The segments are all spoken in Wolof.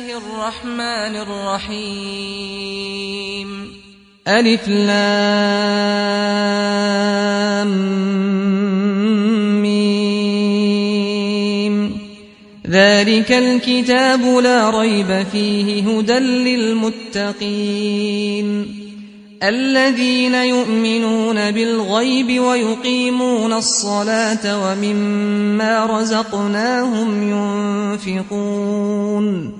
الله الرحمن الرحيم ألف لام ميم ذلك الكتاب لا ريب فيه هدى للمتقين الذين يؤمنون بالغيب ويقيمون الصلاة ومما رزقناهم ينفقون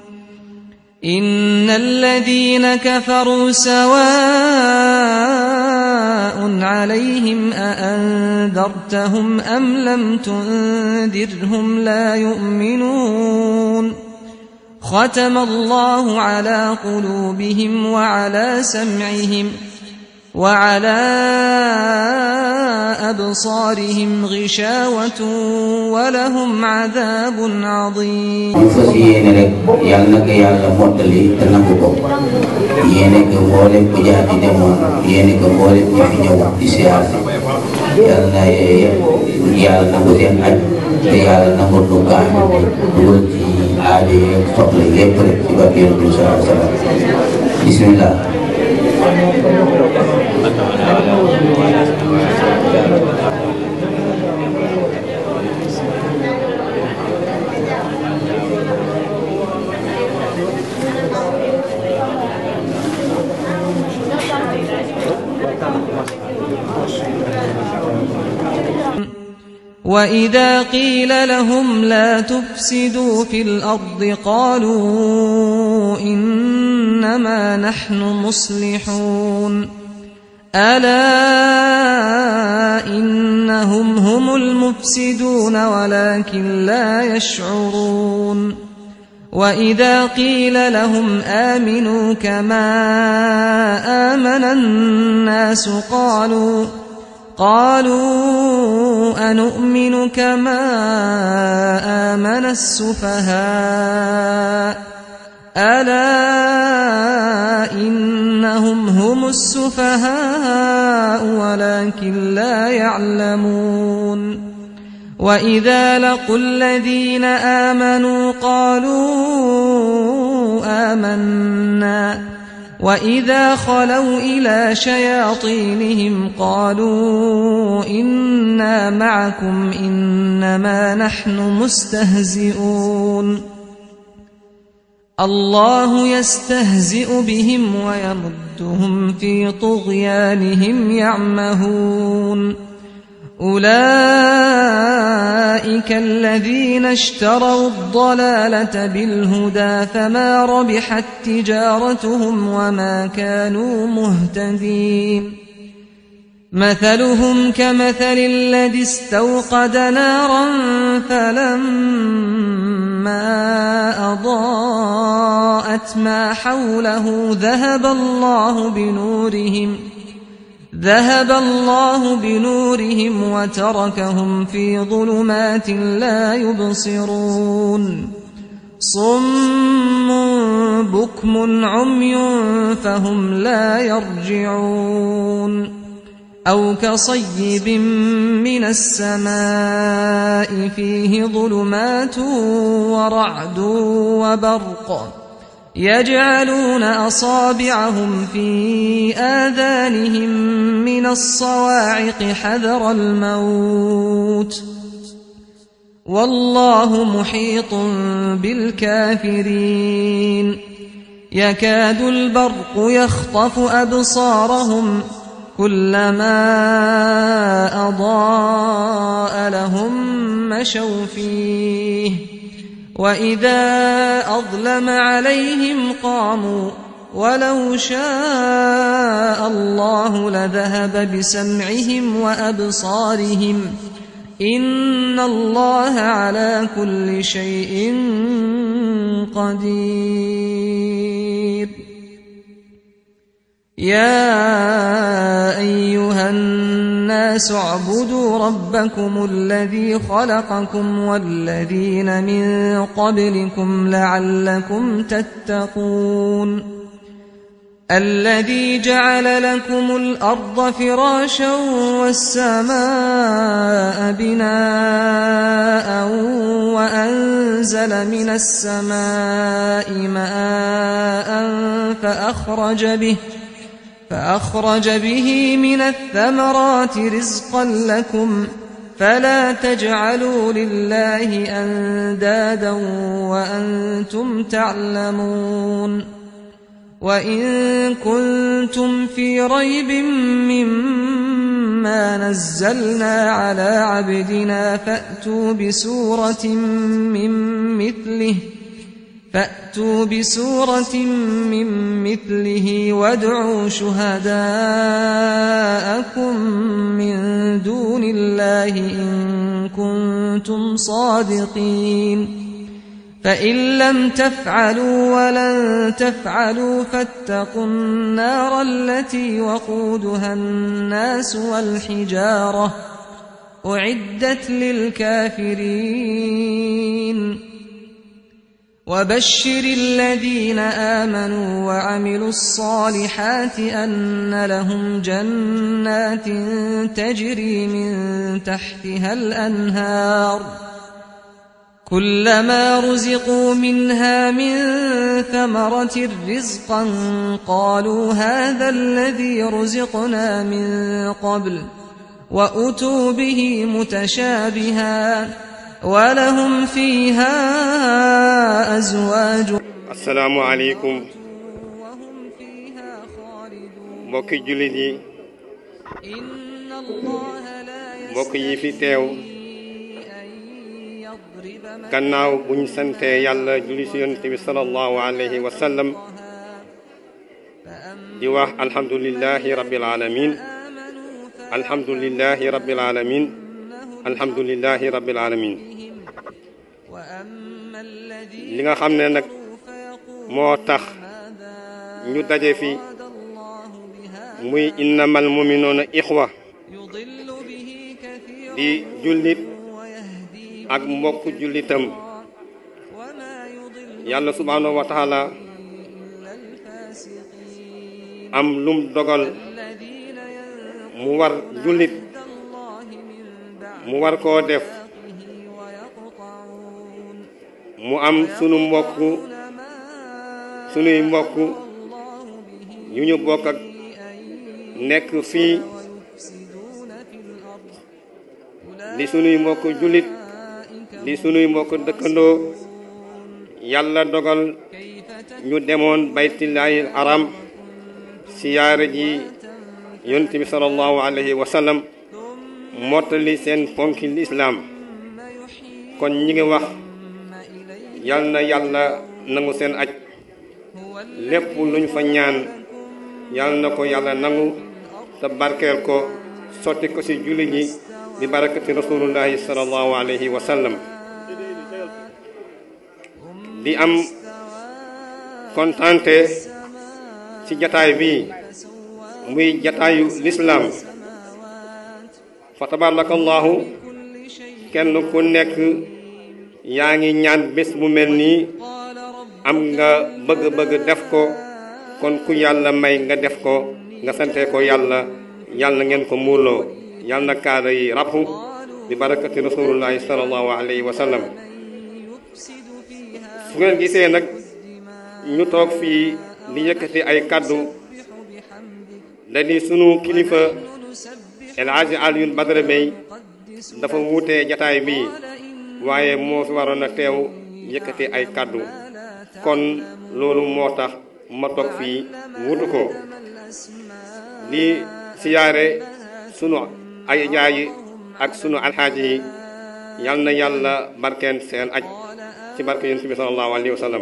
إن الذين كفروا سواء عليهم أأنذرتهم أم لم تنذرهم لا يؤمنون ختم الله على قلوبهم وعلى سمعهم ۖ وعلى أبصارهم غشاوة ولهم عذاب عظيم am fas yéene rek yàlla na ko yàlla mottali te nangu ko yéene ko mboolem ku jaar di demoon yéene ko mboolem ñi fi ñëw di siyaar yàlla na yàlla nangu seen aj te yàlla nangu lu gaañ dugal ci aada yeeg soxla lépp rek ci barke Yonent bi sallallahu alayhi wa sallam bismillah وإذا قيل لهم لا تفسدوا في الأرض قالوا إنما نحن مصلحون الا انهم هم المفسدون ولكن لا يشعرون واذا قيل لهم امنوا كما امن الناس قالوا قالوا انؤمن كما امن السفهاء ألا إنهم هم السفهاء ولكن لا يعلمون وإذا لقوا الذين آمنوا قالوا آمنا وإذا خلوا إلى شياطينهم قالوا إنا معكم إنما نحن مستهزئون الله يستهزئ بهم ويمدهم في طغيانهم يعمهون أولئك الذين اشتروا الضلالة بالهدى فما ربحت تجارتهم وما كانوا مهتدين مثلهم كمثل الذي استوقد نارا فلما أضاءت ما حوله ذهب الله بنورهم ذهب الله بنورهم وتركهم في ظلمات لا يبصرون صم بكم عمي فهم لا يرجعون أو كصيب من السماء فيه ظلمات ورعد وبرق يجعلون أصابعهم في آذانهم من الصواعق حذر الموت والله محيط بالكافرين يكاد البرق يخطف أبصارهم ۖ كلما أضاء لهم مشوا فيه وإذا أظلم عليهم قاموا ولو شاء الله لذهب بسمعهم وأبصارهم إن الله على كل شيء قدير يا ايها الناس اعبدوا ربكم الذي خلقكم والذين من قبلكم لعلكم تتقون الذي جعل لكم الارض فراشا والسماء بناء وانزل من السماء ماء فاخرج به فأخرج به من الثمرات رزقا لكم فلا تجعلوا لله أندادا وأنتم تعلمون وإن كنتم في ريب مما نزلنا على عبدنا فأتوا بسورة من مثله فأتوا بسورة من مثله وادعوا شهداءكم من دون الله إن كنتم صادقين فإن لم تفعلوا ولن تفعلوا فاتقوا النار التي وقودها الناس والحجارة أعدت للكافرين وبشر الذين آمنوا وعملوا الصالحات أن لهم جنات تجري من تحتها الأنهار كلما رزقوا منها من ثمرة رزقا قالوا هذا الذي رزقنا من قبل وأتوا به متشابهاً ولهم فيها أزواج السلام عليكم mbokki jullit yi mbokk yi fi teew gannaaw bu ñu santee yàlla julli si yonent bi sallallahu alayhi wa sallam di wax alhamdulillahi rabbil alamin alhamdulillahi rabbil alamin alhamdulilahi rabbil alamin li nga xam ne nag moo tax ñu daje fi muy innamal muminuuna ixwa di jullit ak mbokk jullitam yàlla subhaanahu wa taala am lum dogal mu war jullit mu war koo def mu am sunu mbokk sunuy mbokk ñu ñu bokk nekk fii di sunuy mbokk jullit di sunuy mbokk dëkkandoo yàlla dogal ñu demoon baytillaahil haram siyaare ji yonent bi sallallahu alayhi wa sallam mottali seen ponk lislaam kon ñi ngi wax yal na yàlla nangu seen aj lépp luñ fa ñaan yal na ko yàlla nangu te barkeel ko sotti ko ci julli ñi bi barakati rasulullahi sallallahu alayhi wa sallam di am kontante ci jataay bi muy jataayu lislaam fa tabaarakallaahu kenn ku nekk yaa ngi ñaan bés mu mel nii am nga bëgg-bëgg def ko kon ku yàlla may nga def ko nga sante ko yàlla yàlla ngeen ko muurloo yàlla na kaada yi rabbu bi barakati rasulullahi sallallahu alayhi wa sallam su ngeen gisee nag ñu toog fii di yëkkati ay kàddu dañuy sunu kilifa El Hadji Alioune Badara dafa wuutee jataay bii waaye moo fi waroon a teew yëkkati ay kàddu kon loolu moo tax ma toog fii wutu ko di siyaare sunu ay jaay ak sunu alxaaji yi yal na yàlla barkeen seen aj ci barke yonent bi sallallahu alayhi wa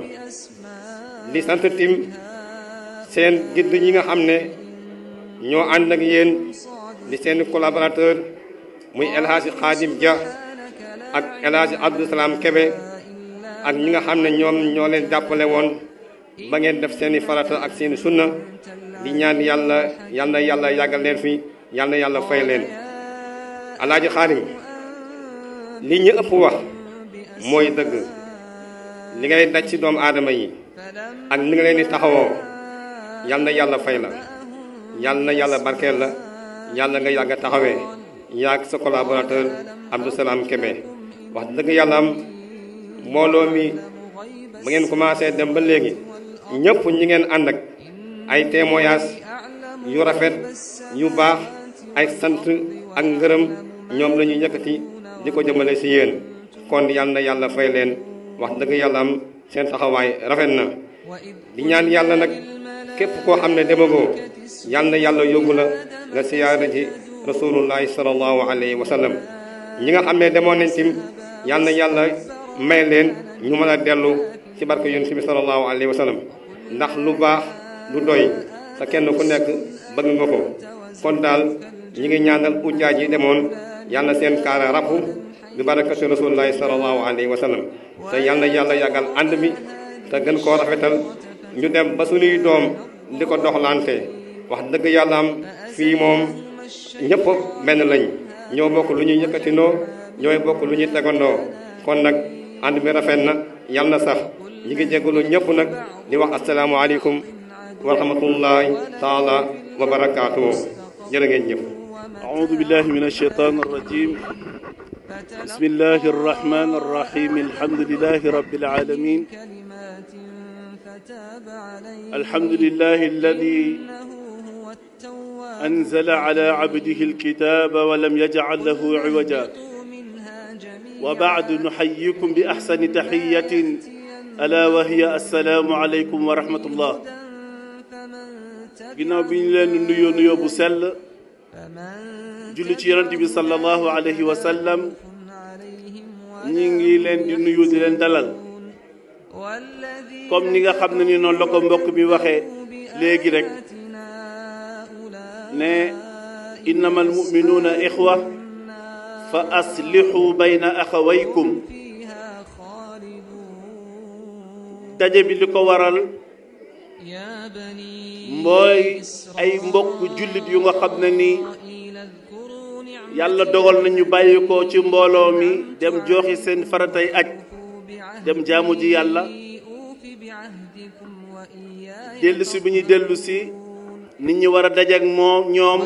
di sant seen gidd ñi nga xam ne ñoo ànd ak yéen di seeni collaborateur muy El Hadji Khadim ak El Hadji Abdou Salam ak ñi nga xam ne ñoom ñoo leen jàppale woon ba ngeen def seeni i farata ak seeni i sunna di ñaan yàlla yal na yàlla fi yàlla fay leen El Hadji Khadim li mooy dëgg li ngay daj ci doomu aadama yi ak ni nga leen di taxawoo yal na yàlla fay la yal na yàlla barkeel la yàlla nga yàgg a taxawee yàgg sa collaborateur Abdou Salam Kébé wax dëgg yàlla am mbooloo mi ba ngeen commencé dem ba léegi ñëpp ñi ngeen ànd ay témoignages yu rafet yu baax ay sant ak ngërëm ñoom la ñuy yëkkati di ko jëmale ci yéen kon yàlla yàlla fay leen wax dëgg yàlla am seen taxawaay rafet na di ñaan yàlla nag. képp koo xam ne demagoo yal na yàlla yóbbu la nga siyaara ji rasulullahi sallallahu alayhi wa sallam ñi nga xam ne demoon nañ tim yal na yàlla may leen ñu mën a dellu ci barke yonent bi sallallahu alayhi wa ndax lu baax lu doy te kenn ku nekk bëgg nga ko kon daal ñi ngi ñaanal ujjaaj ji demoon yal na seen kaara rabu bi barakati rasulullahi sallallahu alayhi wa sallam te yal na yàlla yàggal ànd bi te gën koo rafetal ñu dem ba suñuy doom di ko doxlante wax dëgg yàlla am fii moom ñëpp benn lañ ñoo bokk lu ñuy yëkkatinoo ñooy bokk lu ñuy tegandoo kon nag ànd bi rafet na yàlla na sax ñi ngi jégalu ñëpp nag di wax asalaamaaleykum wa rahmatullahi taala wa barakaatuhu jërë ngeen ñëpp أعوذ بالله من الشيطان الرجيم بسم الله الرحمن الرحيم الحمد لله رب العالمين الحمد لله الذي أنزل على عبده الكتاب ولم يجعل له عوجا وبعد نحييكم بأحسن تحية ألا وهي السلام عليكم ورحمة الله ginnaaw bi ñu leen nuyoo nuyoo bu sell julli ci yonent bi sallallahu alayhi wa sallam ñi ngi leen di nuyu di leen dalal comme ni nga xam ne ni noonu la ko mbokk mi waxee léegi rek ne innama almuminuuna ixwa fa aslixu bayna axawaykum daje bi li ko waral mooy ay mbokk jullit yu nga xam ne nii yàlla dogal nañu bàyyi ko ci mbooloo mi dem jooxi seen faratay aj dem jaamu ji yàlla dellu bi bu ñuy dellu si nit ñi war a dajeek moom ñoom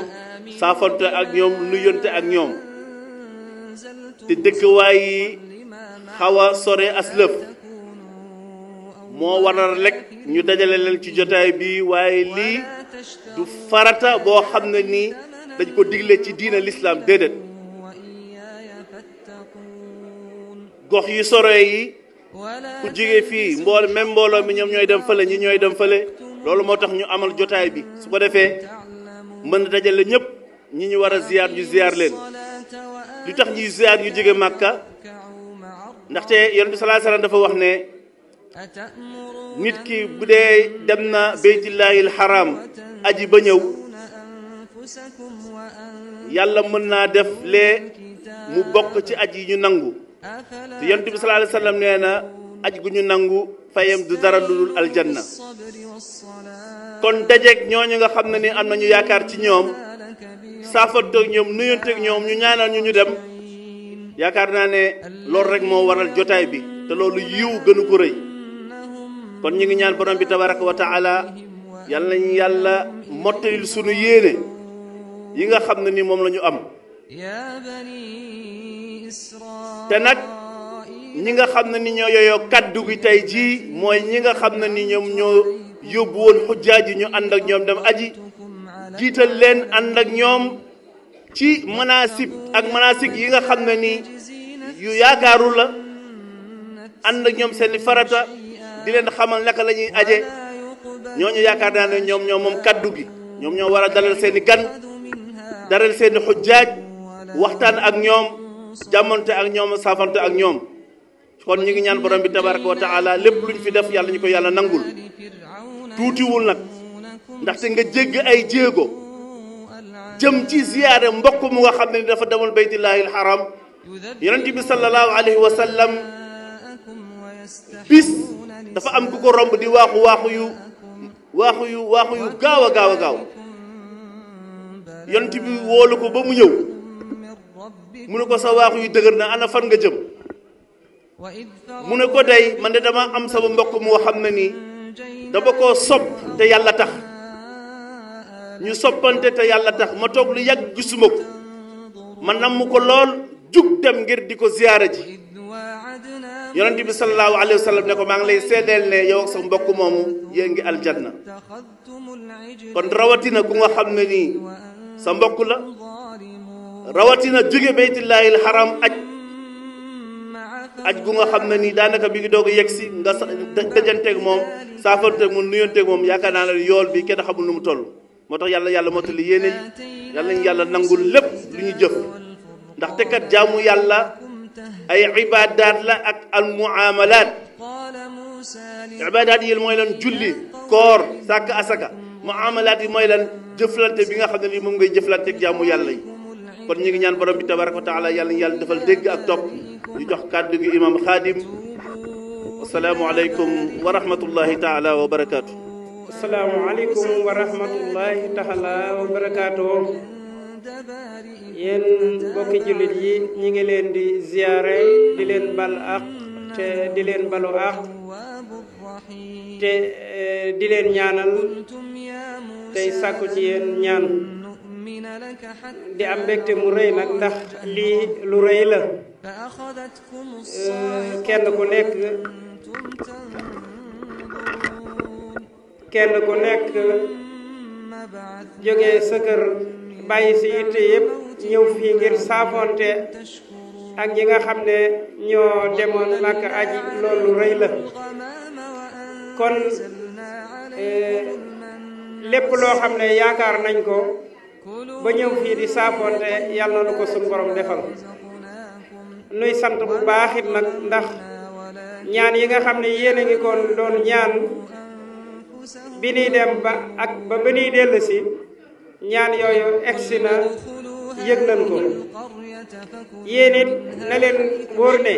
saafante ak ñoom nuyonte ak ñoom te dëkkwaay yi xaw a sore aslëf moo waral rek ñu dajale leen ci jotaay bi waaye lii du farata boo xam na ni dañ ko digle ci diina lislaam déedéet gox yu sore yi ku jóge fii mbool même mbooloo mi ñoom ñooy dem fële ñi ñooy dem fële loolu moo tax ñu amal jotaay bi su ko defee mën a dajale ñëpp ñi ñu war a ziyaar ñu ziyaar leen li tax ñuy ziyaar ñu jóge màkka ndaxte yonent bi sallallahu alayhi wasallam dafa wax ne nit ki bu dee dem na beytillahil haram yi ba ñëw yàlla mën naa def lee mu bokk ci aj yi ñu nangu te yonent bi nee na aj gu ñu nangu fayam du dara lu dul aljanna kon dajeeg ñooñu nga xam ne ni am nañu yaakaar ci ñoom saafanteeg ñoom nuyonteeg ñoom ñu ñaanal ñu ñu dem yaakaar naa ne loolu rek moo waral jotaay bi te loolu yiw gënu ko rëy kon ñu ngi ñaan borom bi tabaraka wa taala yal nañu yàlla mottalil sunu yéene yi nga xam ne ni moom lañu am te nag ñi nga xam na ni ñoo yooyoo kaddu gi tey jii mooy ñi nga xam na ni ñoom ñoo yóbbu woon xujjaaj yi ñu ànd ak ñoom dem aji jiital leen ànd ak ñoom ci manasik ak manasik yi nga xam ne nii yu yaakaaru la ànd ak ñoom seeni farata di leen xamal naka lañuy ñuy aje ñooñu yaakaar naa ne ñoom ñoo moom kaddu gi ñoom ñoo war a dalal seeni gan dalal seeni xujjaaj waxtaan ak ñoom jàmmante ak ñoom saafante ak ñoom kon ñu ngi ñaan borom bi tabaraka wa taala lépp lu luñ fi def yàlla ñu ko yàlla nangul tuutiwul nag ndaxte nga jégg ay jéego jëm ci ziyaare mbokk mu nga xam ne ni dafa demal baytillaahi alxaram yonent bi sallallahu alayhi wa sallam bis dafa am ku ko di waaxu waaxu yu yu waaxu yu gaaw a gaaw a gaaw yonent bi woolu ba mu ñëw ne ko sa waaxu yi dëgër na ana fan nga jëm mu ne ko dey man de dama am sama mbokk mu moo xam ne nii dama koo sopp te yàlla tax ñu soppante te yàlla tax ma toog lu yàgg gisuma ko ma namm ko lool jug dem ngir di ko ziyaara ji yonent bi sallallahu alayhi wa sallam ne ko maa ngi lay seedeel ne yow ak sa mbokk moomu yéen ngi aljanna kon rawatina ku nga xam ne nii sa mbokk la rawatina jóge baytillaahi l aj aj gu nga xam ne nii daanaka mi ngi doog a yegg si nga sa dëjanteeg moom saafanteeg moom nuyanteeg moom yaakaar naa ne yool bi kenn xamul nu mu toll moo tax yàlla yàlla mottali yéene yi yàlla nañu yàlla nangul lépp lu ñu jëf ndaxte kat jaamu yàlla ay ibaadaat la ak al muamalaat ibaadaat yi mooy lan julli koor sàkk asaka muamalaat yi mooy lan jëflante bi nga xam ne nii moom ngay jëflanteeg jaamu yàlla yi kon ñu ngi ñaan borom bi tabaraka wa taala yàlla yàlla defal dégg ak topp ñu jox kàddu gi imam xaadim asalaamualeykum wa rahmatullahi taala wa barakaatu asalaamualeykum wa rahmatullahi jullit yi ñi ngi leen di ziyaare di leen bal ak te di leen balu ak te eh, di leen ñaanal tey sàkku ci yéen ñaan di am mbégte mu rëy nag ndax lii lu rëy la euh, kenn ku nekk kenn ku nekk jógee sa kër bàyyi si yitte yëpp ñëw fii ngir saafonte ak ñi nga xam ne ñoo demoon Makka aji loolu rëy la euh, lépp loo xam ne yaakaar nañ ko ba ñëw fii di saafoonte yàlla na ko suñ borom defal nuy sant bu baaxit nag ndax ñaan yi nga xam ne yéen a ngi koon doon ñaan bi nuy dem ba ak ba ba nuy dellu si ñaan yooyu egsi na yëg nañ ko yéen na leen wóor ne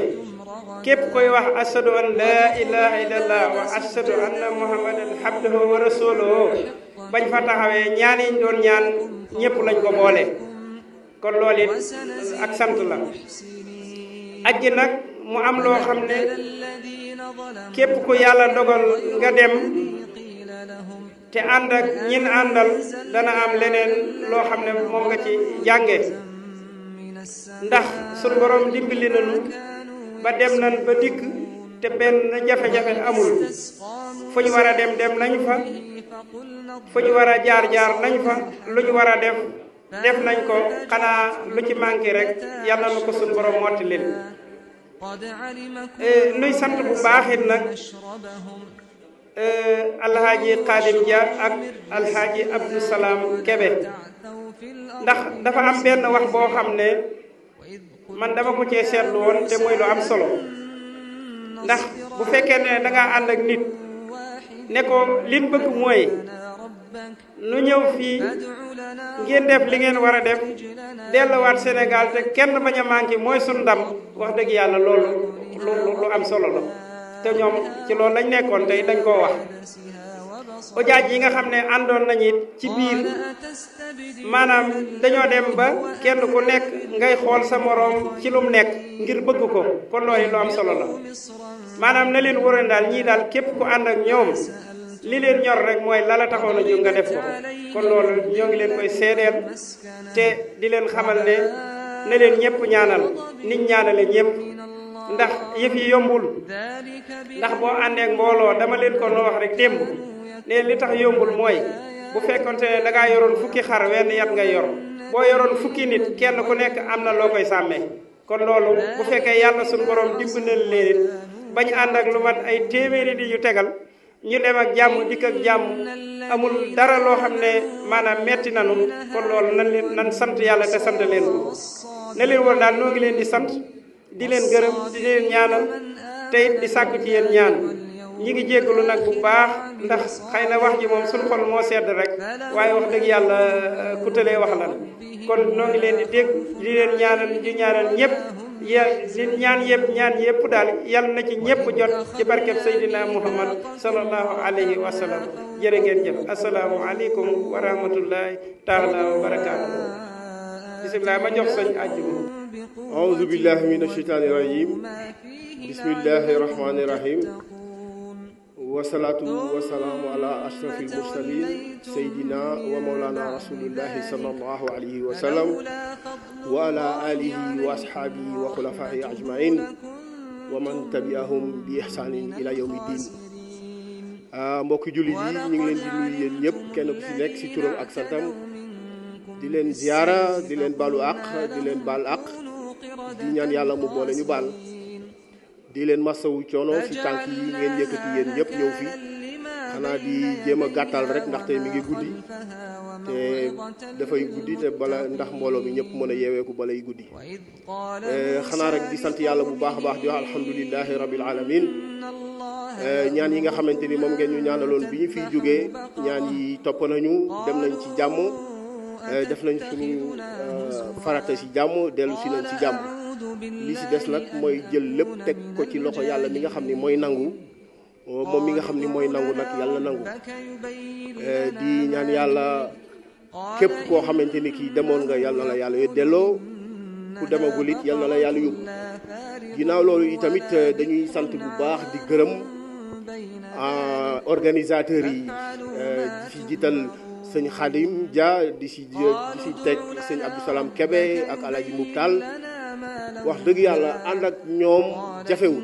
képp koy wax ashadu an laa ilaha illallah wa ashadu anna muhammadan abduhu wa rasuluhu bañ fa taxawee ñaan yiñ doon ñaan ñépp lañ ko boole kon loolu it ak sant la ajji nag mu am loo xam ne képp ku yàlla dogal nga dem te ànd ak ñin àndal dana am leneen loo xam ne moom nga ci jànge ndax sunu borom dimbali nañu ba dem nan ba dikk te benn jafe-jafe amul fu war a dem dem nañ fa ñu war a jaar jaar nañ fa lu ñu war a def def nañ ko xanaa lu ci manqué rek yàlla na ko suñu borom motti leen eh, nuy sant bu baaxit nag eh, alxaaji Xaadim Dia ak alxaaji Abdou Salaam Kebe ndax dafa am benn wax boo xam ne man dama ko cee seetlu woon te muy lu am solo ndax bu fekkee ne da ngaa ànd ak nit nekkoon li mu bëgg mooy nu ñëw fii ngeen def li ngeen war a def delluwaat Sénégal te kenn bañ a manqué mooy sunu ndam wax dëgg yàlla loolu lu lu am solo la te ñoom ci loolu lañ nekkoon tey dañ koo wax. ojaaj yi nga xam ne àndoon nañu it ci biir maanaam dañoo dem ba kenn ku nekk ngay xool sa moroom ci lu mu nekk ngir bëgg ko kon loolu lu am solo la maanaam na leen waroon daal ñii daal képp ku ànd ak ñoom li leen ñor rek mooy a taxoon a jóg nga def ko kon loolu ñoo ngi leen koy seedeel te di leen xamal ne na leen ñëpp ñaanal nit ñaanale ñëpp ndax yëf yi yombul ndax boo àndeek mbooloo dama leen kon noo wax rek démb ne li tax yombul mooy bu fekkonte ne da ngaa yoroon fukki xar wenn yat ngay yor boo yoroon fukki nit kenn ku nekk am na loo koy sàmmee kon loolu bu fekkee yàlla suñu borom dimbali leen bañ ànd ak lu mat ay téeméeri di ñu tegal ñu dem ak jàmm dikk ak jàmm amul dara loo xam ne maanaam metti nanu kon loolu nan leen nan sant yàlla te sant leen ko ne leen daal noo ngi leen di leen gërëm di leen ñaanal te di sàkku ci yéen ñaan ñi ngi jéggalu nag bu baax ndax xay na wax ji moom suñu xol moo sedd rek waaye wax dëgg yàlla euh, ku tëlee wax lan kon noo ngi leen di dégg di leen ñaanal di ñaanal ñëpp ya di ñaan yëpp ñaan yëpp daal yal na ci ñëpp jot ci barkeb Seydina Muhammad sallallahu alayhi wa sallam jër ngeen jëf asalaamu aleykum wa rahmatullahi taala wa barakaatu bisimilah ma jox soñ àjjuma أعوذ بالله من الشيطان الرجيم بسم الله الرحمن الرحيم والصلاة والسلام على أشرف المرسلين سيدنا ومولانا رسول الله صلى الله عليه وسلم وعلى آله وأصحابه وخلفائه أجمعين ومن تبعهم بإحسان إلى يوم الدين mbokki jullit yi ñu ngi leen di nuyu yéen ñëpp kenn ku ci nekk ci turam ak santam di leen ziyaara di leen balu àq di leen baal àq di ñaan yàlla mu boole ñu baal di leen masawu coono ci tànk yi ngeen yëkkati yéen ñëpp ñëw fi xanaa di jéem a gàttal rek ndaxte mi ngi guddi te dafay guddi te bala ndax mbooloo mi ñëpp mën a yeeweeku balay guddi eh, xanaa rek di sant yàlla bu baax a baax di wax alhamdulilahi rabil alamin eh, ñaan yi nga xamante ni moom ngeen ñu ñaanaloon bi ñu fiy jógee ñaan yi topp nañu dem nañ ci jàmm Euh, def nañ suñu euh, farata ci jàmm dellu si nañ ci jàmm li si des nag mooy jël lépp teg ko ci loxo yàlla mi nga xam ni mooy nangu oh, moom mi nga xam ni mooy nangu nag yàlla nangu euh, di ñaan yàlla képp koo xamante ni kii demoon nga yàlla yàlla yo delloo ku demagul it yàlla la yàlla yóbbu ginnaaw loolu itamit dañuy sant bu baax di gërëm organisateur yi ci jiital sëñ Khadim Dia di si di si teg seen Abdou Salam Kebe ak Alaaji Mubtal wax dëgg yàlla ànd ak ñoom jafewul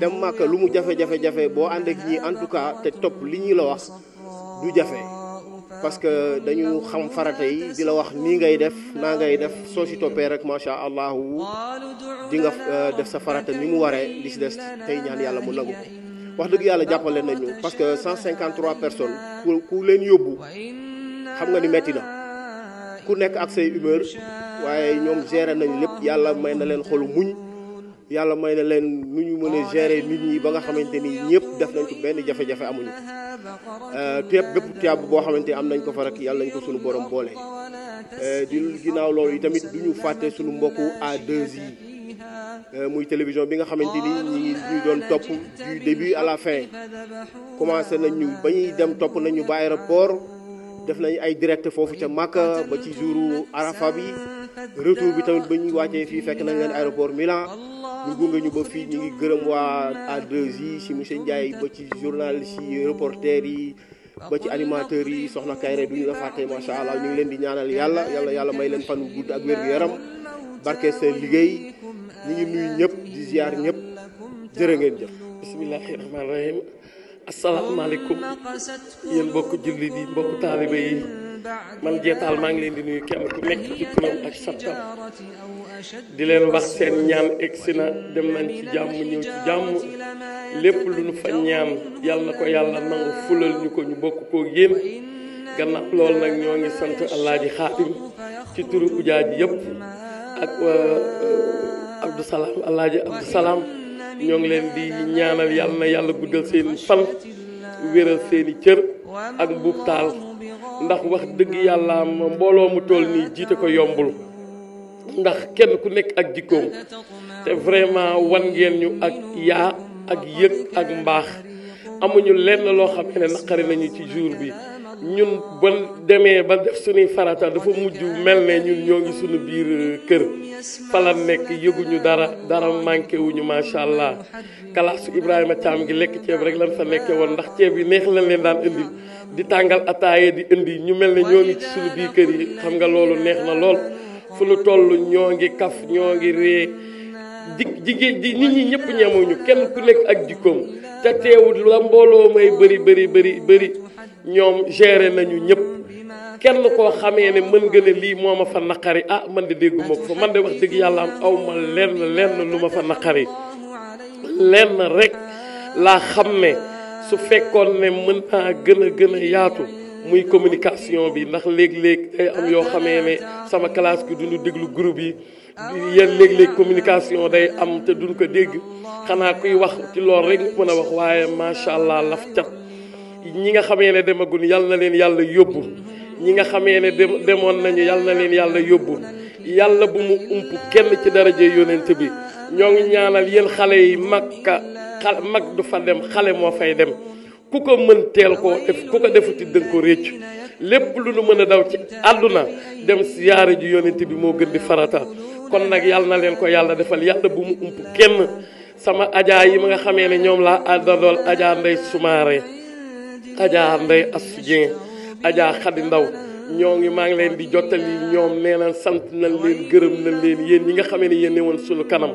dem Màkka lu mu jafe-jafe-jafe boo ànd ak ñi en tout cas te topp li ñuy la wax du jafe parce que dañu xam farata yi di la wax nii ngay def naa ngay def soo si toppee rek macha allah di nga euh, def sa farata ni mu waree li si des tey ñaan yàlla mu nangu ko wax dëgg yàlla jàppale nañu parce que 153 personnes ku leen yóbbu xam nga ni metti na ku nekk ak say humeur waaye ñoom gere nañ lépp yàlla may na leen xolu muñ yàlla may na leen nu ñu mën a gérer nit ñi ba nga xamante ni ñëpp def nañ ko benn amuñu euh, tépp bépp tiyaab boo xamante ni am nañ ko fa rek yàlla nañ ko suñu borom boole. Euh, di ginnaaw loolu yi tamit du ñu fàtte suñu mbokku A2I euh, muy télévision bi nga xamante ni ñi ngi doon topp du début à la fin commencé nañ ñu ba ñuy dem topp nañ ñu ba aéroport def nañ ay direct foofu ca Makka ba ci jouru Arafa bi retour bi tamit ba ñu wàccee fii fekk nañ leen aéroport Milan ñu gunge ñu ba fii ñu ngi gërëm waa A2I si monsieur Ndiaye ba ci journaliste yi reporter yi ba ci animateurs yi soxna Kayre du ñu la fàtte allah ñu ngi leen di ñaanal yàlla yàlla yàlla may leen fan gudd ak wér gu yaram barke seen liggéey ñu ngi nuyu ñëpp di ziar ñëpp jërë ngeen jëf. bismillahi rahmaani rahim. asalaamaaleykum yéen mbokku jullit yi mbokku taaliba yi man jeetaal maa ngi leen di nuyu kenn ku nekk ci turam ak sattam di leen wax seen ñaan egsi na dem nañ ci jàmm ñëw ci jàmm lépp lu ñu fa ñaan yàlla na ko yàlla nangu fulal ñu ko ñu bokk koo yéen gannaaw loolu nag ñoo ngi sant Alaaji Xaatim ci turu ujaa ji ak euh, Abdou Salaam Alaaji Abdou ñoo ngi leen di ñaanal yàlla na yàlla guddal seen fan wéral seen seeni cër ak mbuub taal ndax wax dëgg yàlla ma mbooloo mu toll nii jiite ko yombul ndax kenn ku nekk ak jikkoom te vraiment wan ngeen ñu ak yaa ak yëg ak mbaax amuñu lenn loo xam ne naqari nañu ci jour bi ñun ba demee ba def sunuy farata dafa mujj mel ne ñun ñoo ngi suñu biir euh, kër falan nekk yëguñu dara dara manqué wuñu macha allah kalaasu Ibrahima Thiam gi lekk ceeb rek lan fa nekkee woon ndax ceeb yi neex lañ leen daan indi di tàngal ataaye di indi ñu mel ne ñoo ngi ci suñu biir kër yi xam nga loolu neex na lool fu nu toll ñoo ngi kaf ñoo ngi ree di jigéen di nit ñi ñëpp ñemuñu kenn ku nekk ak jikkoom te teewul la mbooloo may bëri bëri bëri ñoom géré nañu ñëpp kenn koo xamee ne mën nga ne lii moo ma fa naqari ah man de déggu ma ko fa man de wax dégg yàlla am aw ma lenn lenn lu ma fa naqari lenn rek laa xam ne su fekkoon ne mën naa gën a gën a yaatu muy communication bi ndax léeg-léeg day am yoo xamee ne sama classe gi duñu déglu groupe yi yéen léeg-léeg communication day am te duñ ko dégg xanaa kuy wax ci loolu rek mën a wax waaye macha allah laf cat ñi nga xamee ne demaguñ yal na leen yàlla yóbbu ñi nga xamee ne demoon nañu yal na leen yàlla yóbbu yàlla bu mu ump kenn ci dara daraje yonent bi ñoo ngi ñaanal yéen xale yi mag xale mag du fa dem xale moo fay dem ku ko mën teel ko def ku ko defuti dënga ko récc lépp lu nu mën a daw ci àdduna dem siyaare ji yonent bi moo gën di farata kon nag yàlla na leen ko yàlla defal yàlla bu mu ump kenn sama ajaa yi ma nga xamee ne ñoom laa àndandool ajaa ndey sumaare tajaar Mbaye Asou Dieng Adja Khady Ndaw ñoo ngi maa ngi leen di jottali ñoom nee sant na leen gërëm na leen yéen ñi nga xamee ne yéen ne woon suñu kanam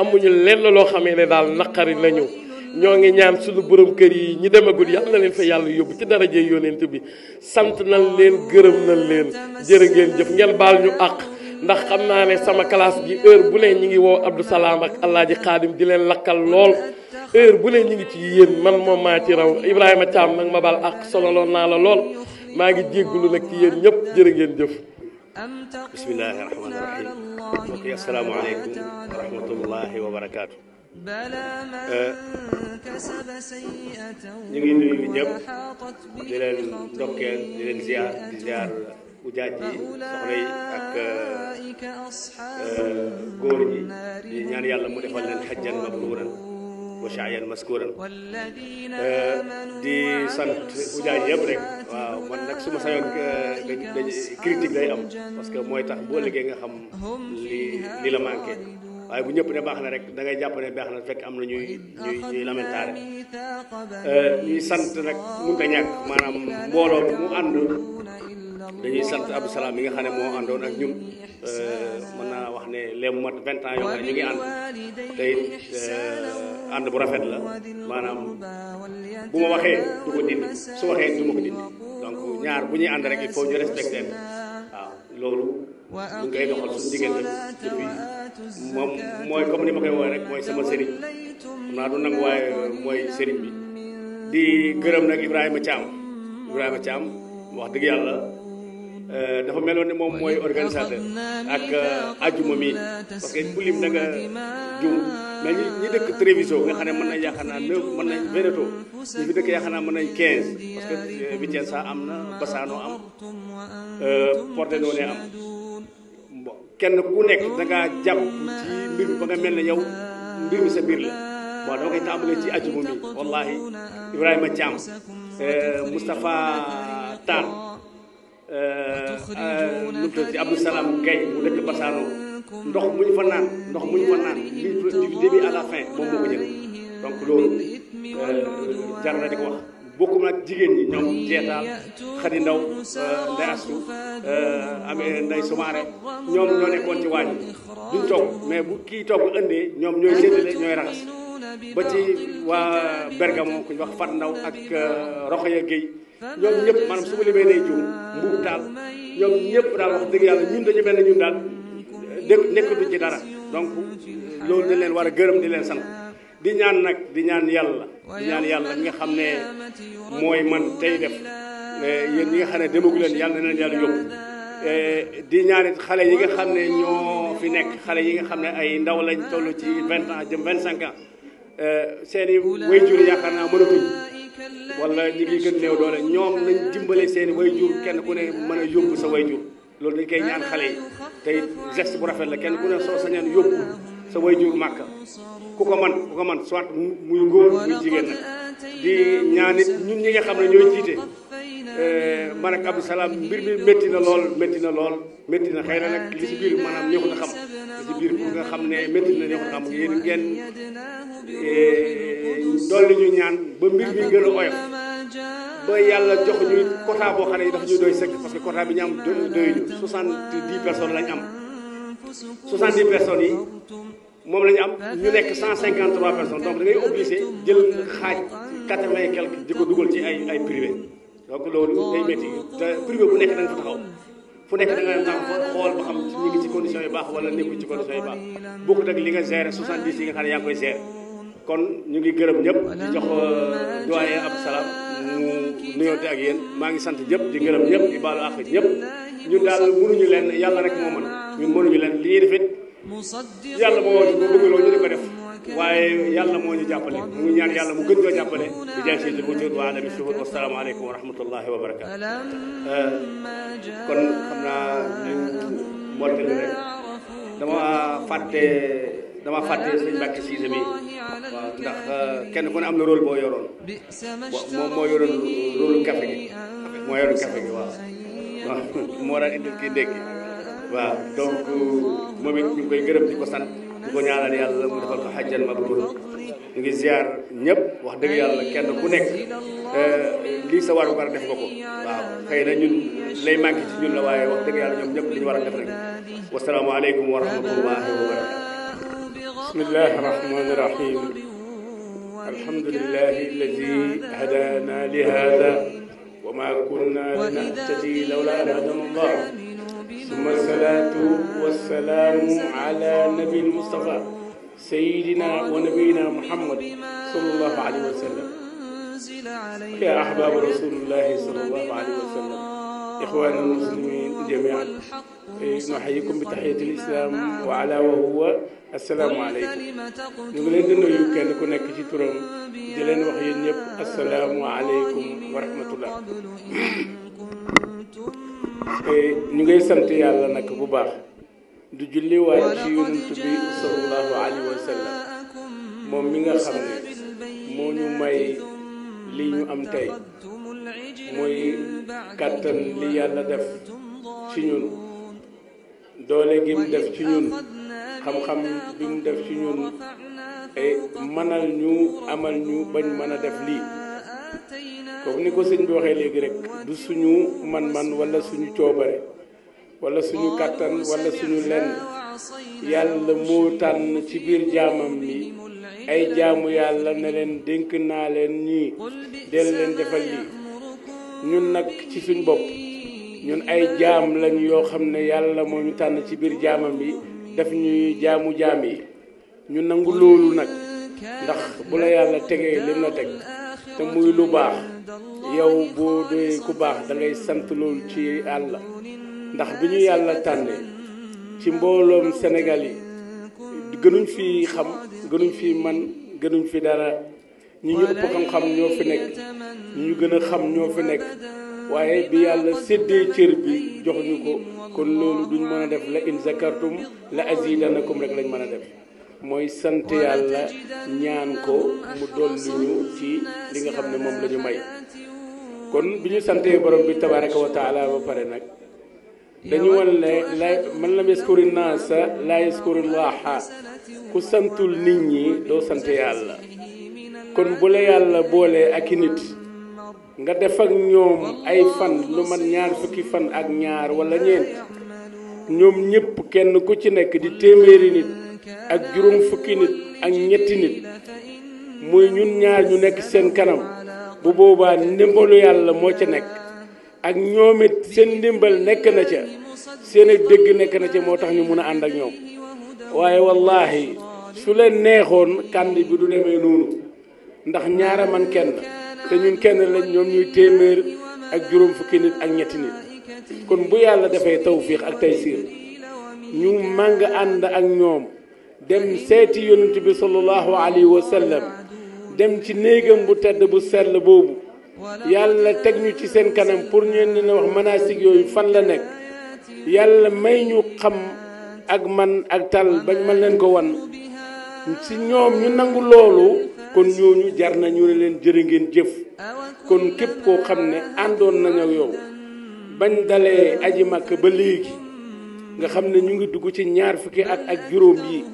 amuñu lenn loo xamee ne daal naqari nañu ñoo ngi ñaan suñu borom kër yi ñi demagul yàlla na leen fa yàlla yóbbu ci daraje yonent bi sant nañ leen gërëm nañ leen jërë ngeen jëf ngeen baal ñu àq ndax xam naa ne sama classe gi heure bu ne ñi ngi woo Abdou Salaam ak Alaaji Xaadim di leen lakkal lool heure bu leen ñu ngi ci yéen man moom maa ci raw Ibrahima Thiam nag ma baal ak sololoon naa la lool maa ngi jéggulu nag ci yéen ñëpp jërë ngeen jëf bismillahi rahmaani rahim mbokk yi asalaamaaleykum wa rahmatullahi wa barakaatu ñu ngi nuyu ñëpp di leen ndokkeel di leen ziar di ziar ujaaj yi soxna yi ak euh, góor yi di ñaan yàlla mu defal leen xajjan mabruuran Eh, wa shaayan maskuuran di sant ujaay yëpp rek waaw man nag su ma sayoon dañ critique day am parce que mooy tax boo liggéey nga xam li li la manqué waaye bu ñëpp ne baax na rek da ngay jàpp ne na fekk am na ñuy ñuy ñuy lamentaare ñuy eh, sant nag mun nga ñàkk mbooloo mu ànd dañuy sant Abdou Salaam mi nga xam ne moo àndoon ak ñun euh, mën naa wax ne léemu mat vingt ans yoo ne ñu ngi euh, ànd bu rafet la maanaam bu ma waxee du ko dindi su waxee du dindi donc ñaar bu ñuy ànd rek il faut ñu respecté waaw loolu ñu koy doxal suñu diggante moom mooy comme ni ma koy woowee rek mooy sama sëriñ xam naa du nangu waaye mooy sëriñ bi di gërëm nag Ibrahima Thiam Ibrahima Thiam wax dëgg yàlla. Euh, dafa meloon ne moom mooy organisateur ak euh, ajuma mi parce que ku lim da nga mais ñi ñi dëkk Treviso nga xam ne mën nañ yaakaar naa neuf mën nañ Veneto ñi fi dëkk yaakaar mën nañ quinze parce que euh, Vicenza am na Bassano am Pordenone am mbo kenn ku nekk da ngaa ci mbir mi ba nga mel ne yow mbir mi sa biir la waaw doo koy tàmbalee ci ajuma mi wallahi Ibrahima Thiam Moustapha Tall lu tudd ci Abdou Salam Gaye mu dëkk Bassano ndox mu ñu fa naan ndox mu ñu fa naan lii du début à la fin moom moo ko jël donc loolu euh, jar na di wax bokkuma ak jigéen ñi ñoom jeetaal xadi ndaw nday astu amee nday sumaare ñoom ñoo nekkoon ci waañ duñ togg mais bu kii togg indee ñoom ñooy séddale ñooy raxas ba ci waa Bergamo ku ñu wax Fat Ndaw ak euh, Rokhaya Guèye ñoom ñëpp maanaam su ma limee day juum mbuub taal ñoom ñëpp daal wax yàlla ñun dañu mel ne ñun daal nekkatuñ ci dara donc euh, loolu leen war a gërëm di leen sant di ñaan nag di ñaan yàlla di ñaan yàlla mi nga xam ne mooy man tey def euh, yéen ñi nga xam ne demagu leen yàlla na leen yàlla yóbbu di ñaanit xale yi nga xam ne ñoo fi nekk xale yi nga xam ne ay ndaw lañ toll ci vingt ans jëm vingt cinq ans Euh, seen i wayjur yaakaar naa mënatuñ wala ñi ngi gën néew doole ñoom nañ dimbale seeni way wayjur kenn ku ne mën a yóbbu sa wayjur loolu dañ koy ñaan xale yi tey geste bu rafet la kenn ku ne soo sañaan yóbbu sa wayjur màkka ku ko man ku ko man soit muy góor muy jigéen nag di ñaanit ñun ñi nga xam ne ñooy jiite euh, man ak Abdou Salam mbir mi métti na lool métti na lool métti na xëy nag li ci biir maanaam ñëpp na xam ci biir bu nga xam ne métti na ñoo xam yéen ngeen eh, dolli ñu ñaan ba mbir mi gën a oyof ba yàlla jox ñu quota boo xam ne dafa ñu doy parce que quota bi ñu am soixante-dix personnes lañ am soixante-dix personnes yi moom la ñu am ñu nekk 153 personnes donc da ngay obligé jël xaaj 80 et quelque di ko dugal ci ay ay privé donc loolu day métti privé bu nekk da taxaw fu nekk da xool ba xam ñu ngi ci condition yu baax wala nekkuñ ci condition yu baax bokkut ak li nga gérer 70 yi nga xam ne yaa ngi koy gérer kon ñu ngi gërëm ñëpp di jox euh, doyen Abdou Salam mu nuyoote ak yéen maa ngi sant yëpp di gërëm ñëpp di baalu àq ñëpp ñun daal mënuñu leen yàlla rek moo ñu ñun mënuñu leen lii ñuy def it yàlla moo bëgg loo ñu di ko def. waaye yàlla moo ñu jàppale mu ñaan yàlla mu gën ñoo jàppale di jaay si wujud wa alami shuhud wa salaamu aleykum wa rahmatullahi wa barakaatu kon xam naa ñu mottali rek dama fàtte dama fàtte sëñ Mbàkke Siise mi waaw ndax euh, kenn ku ne am na rôle boo yoroon moom moo yoroon rôle café gi moo yoroon café gi waaw waaw moo daan indil kii ndékki waaw donc moom it ñu ngi koy gërëm di ko sant di ko ñaanal yàlla mu defal ko xajjan mabruur ñu ngi ziar wax dëgg yàlla kenn ku nekk eh, lii sa waru war a def nga ko waaw xëy na ñun lay manqué ci ñun la waaye wax dëgg yàlla ñoom ñëpp li ñu war a def rek wasalaamaaleykum wa rahmatullahi wa barakatu bismillahi rahmani rahim alhamdulillahi alladi hadana li hada وما كنا لنهتدي لولا أن هدانا الله ثم الصلاة والسلام على نبي المصطفى سيدنا ونبينا محمد صلى الله عليه وسلم يا أحباب رسول الله صلى الله عليه وسلم إخوان المسلمين جميعا نحييكم بتحية الإسلام وعلى وهو السلام عليكم نقول لك إنه يمكن أن نكشي ترم جلن وحي السلام عليكم ورحمة الله ñu ngay sant yàlla nag bu baax du julli waaye ci yonent bi sallallahu alayhi wa sallam moom mi nga xam ne moo ñu may li ñu am tey muy kàttan li yàlla def ci ñun doole gi def ci ñun xam-xam bi def ci ñun mënal ñu amal ñu bañ mën a def lii comme ni ko sëñ bi waxee léegi rek du suñu man-man walla suñu coobare wala suñu kàttan wala suñu lenn yàlla moo tànn ci biir jaamam bi ay jaamu yàlla na leen dénk naa leen ñii del leen defal lii ñun nag ci suñ bopp ñun ay jaam lañ yoo xam ne yàlla moo ñu tànn ci biir jaamam yi daf ñuy jaamu jaam yi ñu nangu loolu nag ndax bu la yàlla tegee lim la teg te muy lu baax yow boo dee ku baax da sant loolu ci yàlla ndax bi ñu yàlla tànnee ci mbooloom senegal yi gënuñ fi xam gënuñ fi man gënuñ fi dara ñi ñu ëpp xam-xam ñoo fi nekk ñu gën a xam ñoo fi nekk waaye bi yàlla seddee cër bi jox ñu ko kon loolu duñ mën def la in zakartum la azidanakum rek lañ mën a def mooy sant yàlla ñaan ko mu dolli ñu ci li nga xam ne moom la ñu may kon bi ñu santee borom bi tabaraka wa ba pare nag dañu wan ne la man lam yaskuri naasa la yaskuri laaha ku santul nit ñi doo sant yàlla kon bu la yàlla boolee ak i nit nga def ak ñoom ay fan lu man ñaar fukki fan ak ñaar walla ñeent ñoom ñëpp kenn ku ci nekk di téeméeri nit ak juróom fukki nit ak ñetti nit muy ñun ñaar ñu nekk seen kanam bu boobaa ndimbalu yàlla moo ca nekk ak ñoom it seen ndimbal nekk na ca seen ak dégg nekk na ca moo tax ñu mun a ànd ak ñoom waaye wallaahi su leen neexoon kànd bi du demee noonu. ndax ñaara man kenn te ñun kenn lañ ñoom ñuy téeméer ak juróom fukki nit ak ñetti nit kon bu yàlla dafay tawfiix ak taysiir ñu màng ànd ak ñoom dem seeti yonent bi sallallahu alayhi wa dem ci néegam bu tedd bu sell boobu yàlla teg ñu ci seen kanam pour ñeen ne wax manasik yooyu fan la nekk yàlla may ñu xam ak man ak tal bañ mën leen ko wan ci ñoom ñu nangu loolu kon ñooñu jar nañu ñu leen jërë ngeen jëf kon képp koo xam ne àndoon nañ yow bañ dalee aji màkk ba léegi nga xam ne ñu ngi dugg ci ñaar fukki at ak juróom yi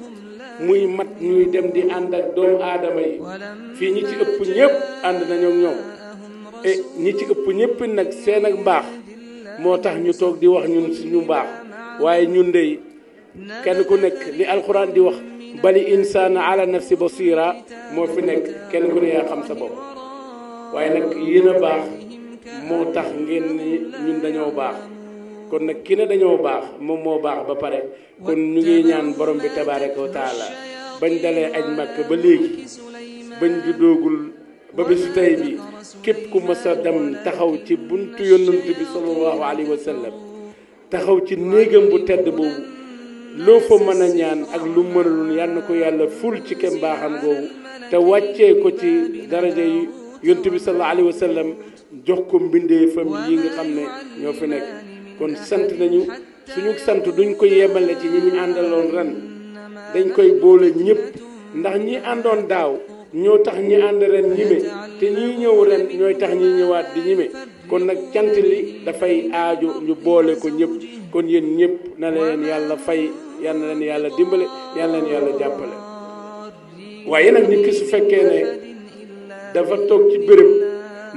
muy mat ñuy dem di ànd ak doomu aadama yi fii ñi ci ëpp ñëpp ànd nañu ak ñoom e ñi ci ëpp ñëpp nag seen ak mbaax moo tax ñu toog di wax ñun suñu mbaax waaye ñun ndey kenn ku nekk li alxuraan di wax bali insaana ala nafsi basira moo fi nekk kenn ku ne yaa xam sa bopp waaye nag yéen a baax moo tax ngeen ni ñun dañoo baax kon nag ki ne dañoo baax moom moo baax ba pare kon ñu ngi ñaan borom bi tabaaraka wa taala bañ dalee ak màkk ba léegi bañ juddoogul ba bisu tey bi képp ku mës a dem taxaw ci bunt yonent bi sallallahu alayhi wa sallam taxaw ci néegam bu tedd boobu loo fa mën a ñaan ak lu mënalul yàlla ko yàlla ful ci kem baaxam googu te wàccee ko ci daraja yi yontu bi sallallahu alayhi wa jox ko mbindeefam yi nga xam ne ñoo fi nekk kon sant nañu suñu sant duñ ko yemale ci ñi ñu àndaloon ren dañ koy boole ñëpp ndax ñi àndoon daaw ñoo tax ñi ànd ren ñime te ñiy ñëw ren ñooy tax ñi ñëwaat di ñime kon nag cant li dafay aajo ñu boole ko ñëpp kon yéen ñëpp na leen yàlla fay ya na leen yàlla dimbale yal na leen yàlla jàppale waaye nag nit ki su fekkee ne dafa toog ci béréb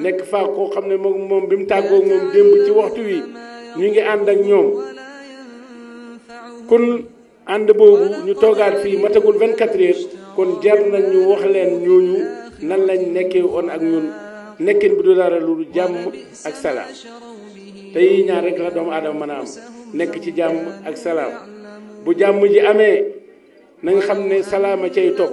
nekk faa koo xam ne moom moom bi mu tàggoo moom démb ci waxtu wi ñu ngi ànd ak ñoom kon ànd boobu ñu toogaat fii matagul 24 heures kon jar nañ ñu wax leen ñooñu nan lañ nekkee woon ak ñun nekkin bu du dara lu jàmm ak salaam te yi ñaar rek la doomu aadama mën a am nekk ci jàmm ak salaam bu jàmm ji amee na xam ne salaama cay topp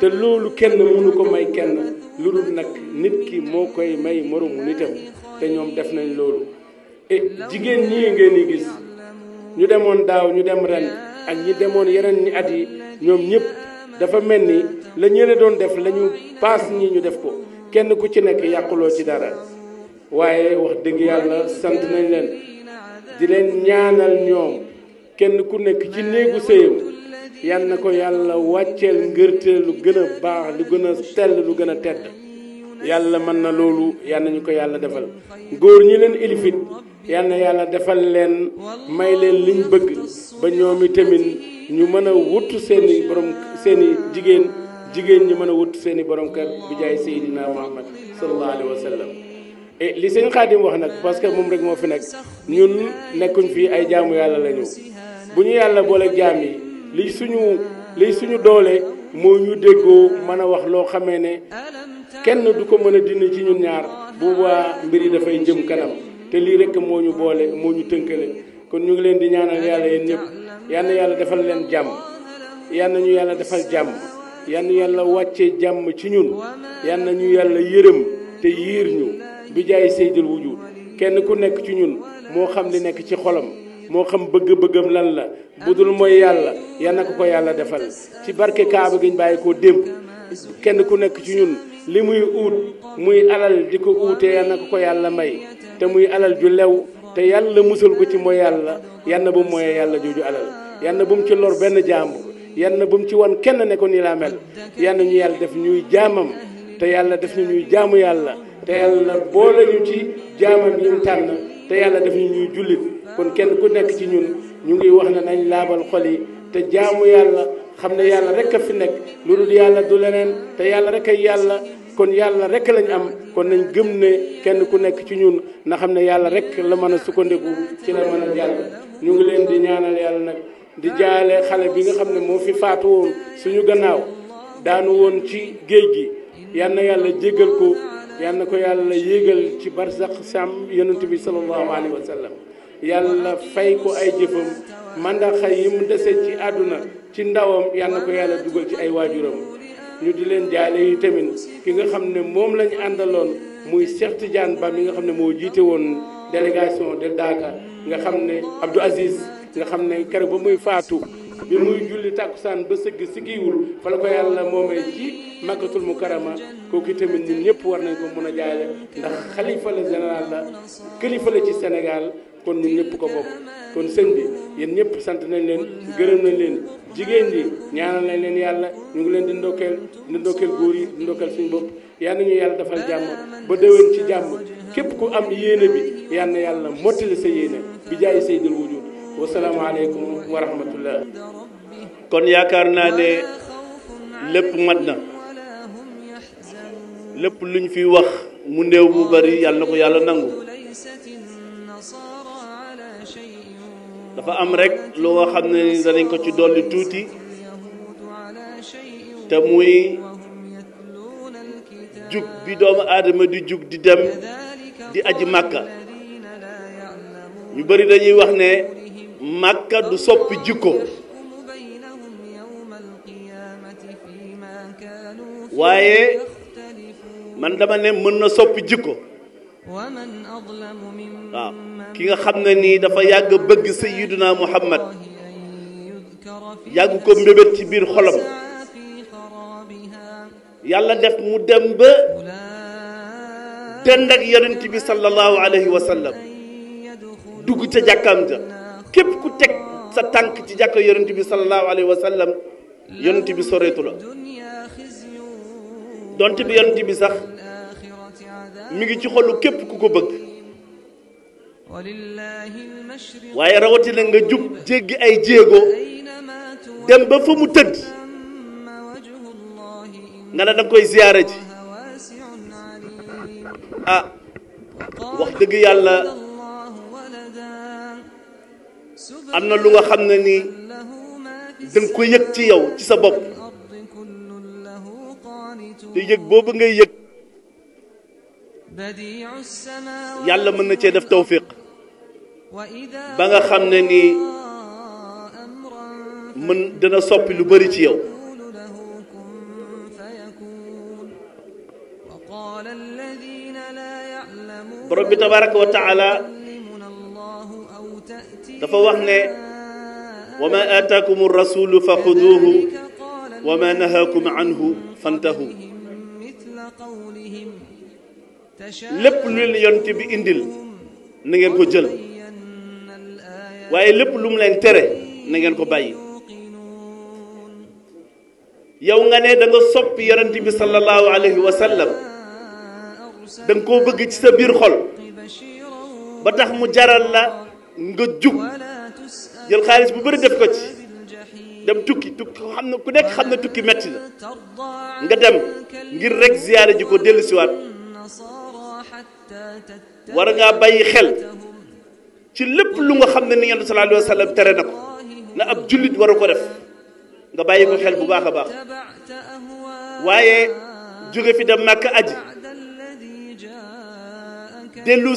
te loolu kenn mënu ko may kenn lu dul nag nit ki moo koy may moromu nitam te ñoom def nañ loolu eh, jigéen ñii ngeen di gis ñu demoon daaw ñu dem ren ak ñi demoon yeneen ñi at yi ñoom ñëpp dafa mel ni la ñële doon def la ñu paas ñii ñu def ko kenn ku ci nekk yàquloo ci dara waaye wax dëgg yàlla sant nañ leen di leen ñaanal ñoom kenn ku nekk ci néegu sëyam yal na ko yàlla wàcceel ngërte lu gën a baax lu gën a sell lu gën a tedd yàlla mën na loolu yal nañu ko yàlla defal góor ñi leen ilifit yal yàlla defal leen may leen liñ bëgg ba ñoom i tamit ñu mën a wut seeni borom seeni jigéen jigéen ñi mën a wut seen i borom kër bi jaay Seydina Muhammad sallallahu alayhi wa sallam et li sëñ Xaadim wax nag parce que moom rek moo fi nekk ñun nekkuñ fii ay jaamu yàlla la ñu bu ñu yàlla booleek jaam yi li suñu li suñu doole moo ñu déggoo mën a wax loo xamee ne kenn du ko mën a dindi ci ñun ñaar bu waa mbir yi dafay jëm kanam te lii rek moo ñu boole moo ñu tënkale kon ñu ngi leen di ñaanal yàlla yéen ñëpp yal yàlla defal leen jàmm yal na ñu yàlla defal jàmm yan yàlla wàcce jàmm ci ñun yan nañu yàlla yërëm te yiir ñu bi jaay seydil wujud kenn ku nekk ci ñun moo xam li nekk ci xolam moo xam bëgg-bëggam lan la budul mooy yàlla yan na ko ko yàlla defal ci barke kaaba gi ñu bàyyi koo démb kenn ku nekk ci ñun li muy uut muy alal di ko uute yan na ko ko yàlla may te muy alal ju lew te yàlla musal ko ci mooy yàlla yan na bu mooyee yàlla jooju alal yan na bu mu ci lor benn jàmbur yan na bu mu ci wan kenn nekkoon ko nii laa mel yan ñu yàlla def ñuy jaamam te yàlla def ñu ñuy jaamu yàlla te yàlla boole ñu ci jaamam yi mu tànn te yàlla def ñu ñuy jullit kon kenn ku nekk ci ñun ñu ngi wax ne nañ laabal xol yi te jaamu yàlla xam ne yàlla rek a fi nekk lu dul yàlla du leneen te yàlla rek ay yàlla kon yàlla rek lañ am kon nañ gëm ne kenn ku nekk ci ñun na xam ne yàlla rek la mën a sukkandiku ci la mën a jàll ñu ngi leen di ñaanal yàlla nag di jaale xale bi nga xam ne moo fi faatu woon suñu gannaaw daanu woon ci géej gi yal na yàlla jéggal ko yal na ko yàlla yéegal ci barsax sam yonent bi sallallahu alayhi wa sallam yàlla fay ko ay jëfam mandaxa yi mu dese ci àdduna ci ndawam yal ko yàlla dugal ci ay waajuram ñu di leen jaale yi tamit ki nga xam ne moom lañu àndaloon muy Cheikh Tidiane Ba mi nga xam ne moo jiite woon délégation de Dakar nga xam ne Abdou Aziz nga xam ne keroog ba muy faatu bi muy julli tàkkusaan ba sëgg siggiwul fa la ko yàlla moomee ci màggatul mu karama kooku tamit ñun ñëpp war nañ ko mën a jaale ndax xalifa la général la kilifa la ci senegal kon ñun ñëpp ko bokk kon sëñ bi yéen ñëpp sant nañ leen gërëm nañ leen jigéen ñi ñaanal nañ leen yàlla ñu ngi leen di ndokkeel di ndokkeel góor yi di ndokkeel suñu bopp yal nañu yàlla defal jàmm ba déwén ci jàmm képp ku am yéene bi yal na yàlla mottali sa yéene bi jaay say dël wujur wasalaamaaleykum wa kon yaakaar naa ne lépp mat na lépp luñ fi wax mu néew mu bari yàlla na ko yàlla nangu dafa am rek loo xam ne danañ ko ci dolli tuuti te muy jug bi doomu aadama di jug di dem di aji màkka ñu bari dañuy wax ne màkka du soppi jikko waaye man dama ne mën na soppi jikko waaw ki nga xam ne nii dafa yàgg bëgg sayyiduna muhammad yàgg ko mbébét ci biir xolam yàlla def mu dem ba dend ak yonent bi sallallahu alayhi wa sallam dugg ca jàkkaam ja képp ku teg sa tànk ci jàkk yonent bi sallallahu alayhi wa sallam la donte bi yonent bi sax mi ngi ci xolu képp ku ko bëgg waaye rawatina nga jub jéggi ay jéego dem ba fa mu tëdd nga ne da koy ziyaara ji ah, wax dëgg yàlla. am na lu nga xam ne nii danga ko yëg ci yow ci sa bopp te yëg boobu ngay yëg yàlla mën na cee def tawfiq ba nga xam ne nii mën dina soppi lu bari ci yow borom bi tabaraka wa taala dafa wax ne wa ma aataakum rasulu fa xuduuhu wa ma nahaakum anhu fantahu lépp lu leen yonent bi indil na ngeen ko jël waaye lépp lu mu leen tere na ngeen ko bàyyi yow nga ne da nga soppi yonent bi sallallahu alayhi wa sallam koo bëgg ci sa biir xol ba tax mu jaral la nga jub jël xaalis bu bëri def ko ci dem tukki tukki xam na ku dekk xam na tukki metti na nga dem ngir rek ziyaare ji ko dellu siwaat war ngaa bàyyi xel ci lépp lu nga xam ne ni ngeen sallallahu alayhi wa sallam tere na ko na ab jullit waru ko def nga bàyyi ko xel bu baax a baax waaye jóge fi dem màkk aji dellu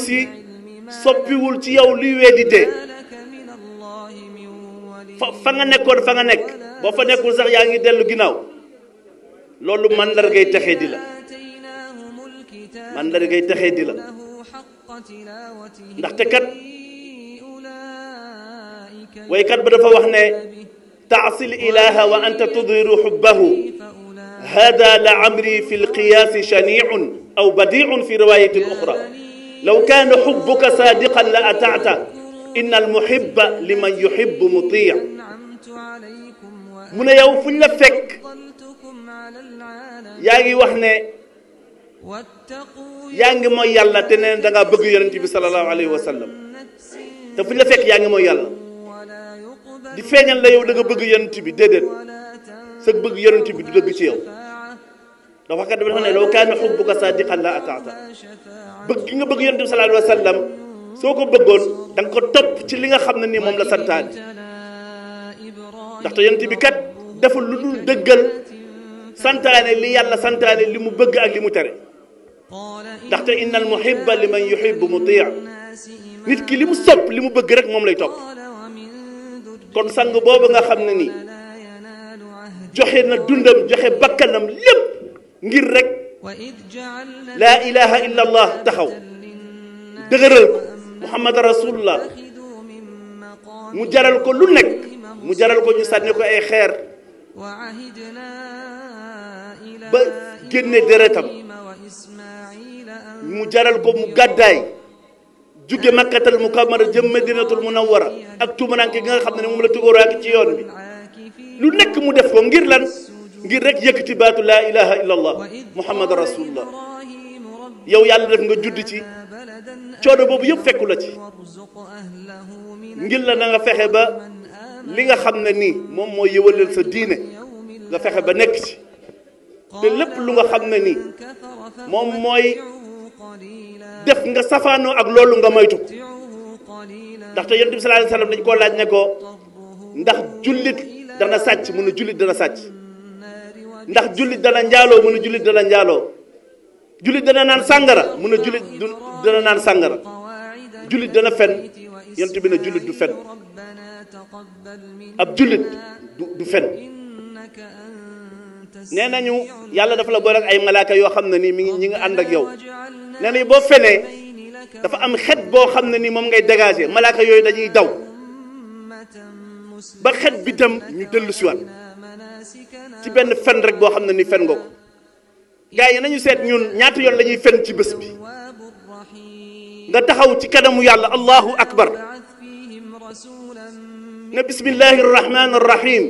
soppiwul ci yow luy weddi dee fa fa nga nekkoon fa nga nekk boo fa nekkul sax yaa ngi dellu ginnaaw loolu màndargay texee di la màndargay texee di la ndaxte kat waykat ba dafa wax ne taasil ilaha wa anta tudhiru xubbahu hada la amri fi lqiyaasi shaniun aw badiun fi riwayatin uxra law kaana xubbuka saadiqan la ataata inna al muhibba liman yuhibbu mutii mu ne yow fu ñu la fekk yaa ngi wax ne yaa ngi mooy yàlla te nee da ngaa bëgg yonent bi sallallahu alayhi wa sallam te fu ñu la fekk yaa ngi mooy yàlla di feeñal la yow da nga bëgg yonent bi déedéet sa bëgg yonent bi du dëgg ci yow ndax waxkat dafa ne law kaana xubbuka sadiqan la ataata bëgg gi nga bëgg yonent bi sallallahu soo ko bëggoon da nga ko topp ci li nga xam ne nii moom la santaane ndaxte yonent bi kat deful lu dul dëggal santaane li yàlla santaane li mu bëgg ak li mu tere ndaxte innal muhibba liman yuhibbu muti' nit ki li mu li mu bëgg rek moom lay topp kon sang boobu nga xam ne nii joxe na dundam joxe bakkanam lépp ngir rek laa ilaha illa allah taxaw dëgëral ko muhammad rasulullah mu jaral ko lu nekk mu jaral ko ñu sànni ko ay xeer ba génne deretam mu jaral ko mu gàddaay jóge makkatal mukarrama jëm madinatul munawwara ak tumaranke gi nga xam ne moom la tugooraan ci yoon bi lu nekk mu def ko ngir lan ngir rek yëkkati baatu laa ilaha illallah muhammad rasulullah yow yàlla def nga judd ci coono boobu yëpp fekku la ci ngir la na nga fexe ba li nga xam ne nii moom mooy yëwaleel sa diine nga fexe ba nekk ci te lépp lu nga xam ne nii moom mooy def nga safaanoo ak loolu nga moytu ndaxte yonent bi sallallahu alayhi wasallam dañ koo laaj ne ko ndax jullit dana sàcc mu na jullit dana sàcc ndax jullit dana njaaloo mun a jullit dana njaaloo jullit dana naan sàngara mun a jullit du dana naan sàngara jullit dana fen yonent bi ne jullit du fen ab jullit du du fen nee nañu yàlla dafa la boole ak ay malaaka yoo xam ne nii mi ñi nga ànd ak yow boo fenee dafa am xet boo xam ne nii moom ngay dégager malaaka yooyu dañuy daw ba xet bi tam ñu dellu siwaat ci benn fen rek boo xam ne ni fen nga ko gars yi nañu seet ñun ñaata yoon la ñuy fen ci bés bi nga taxaw ci kanamu yàlla allahu akbar ne bismillahi arrahmani arrahim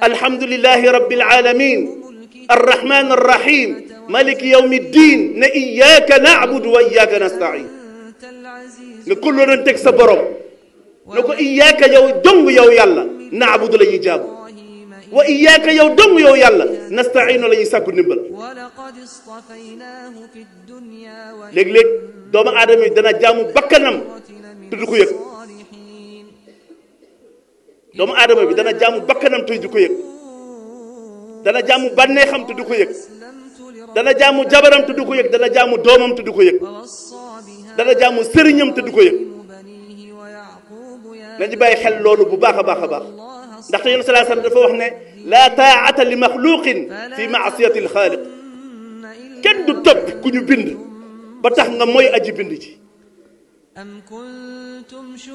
alhamdulillahi rabbil alamin arrahmani arrahim maliki yawmi ddin ne iyyaka na'budu wa iyyaka nasta'in nga kulloo doon teg sa borom ne ko iyyaka yow dong yow yàlla na'budu la ñuy jaabu wa iyaaka yow dong yow yàlla nastaino la ñuy sàkku ndimbal léeg-léeg doomu aadama yi dana jaamu bakkanam te du ko yëg doomu aadama bi dana jaamu bakkanam te du ko yëg dana jaamu bànneexam te du ko yëg dana jaamu jabaram te du ko yëg dana jaamu doomam te du ko yëg dana jaamu sëriñam te du ko yëg nañu bàyyi xel loolu bu baax a baax a baax ndaxte yonent sallallahu alayhi dafa wax ne laa taa'ata li maxluqin fi maasiyati alxaaliq kenn du ku ñu bind ba tax nga mooy aji bind ji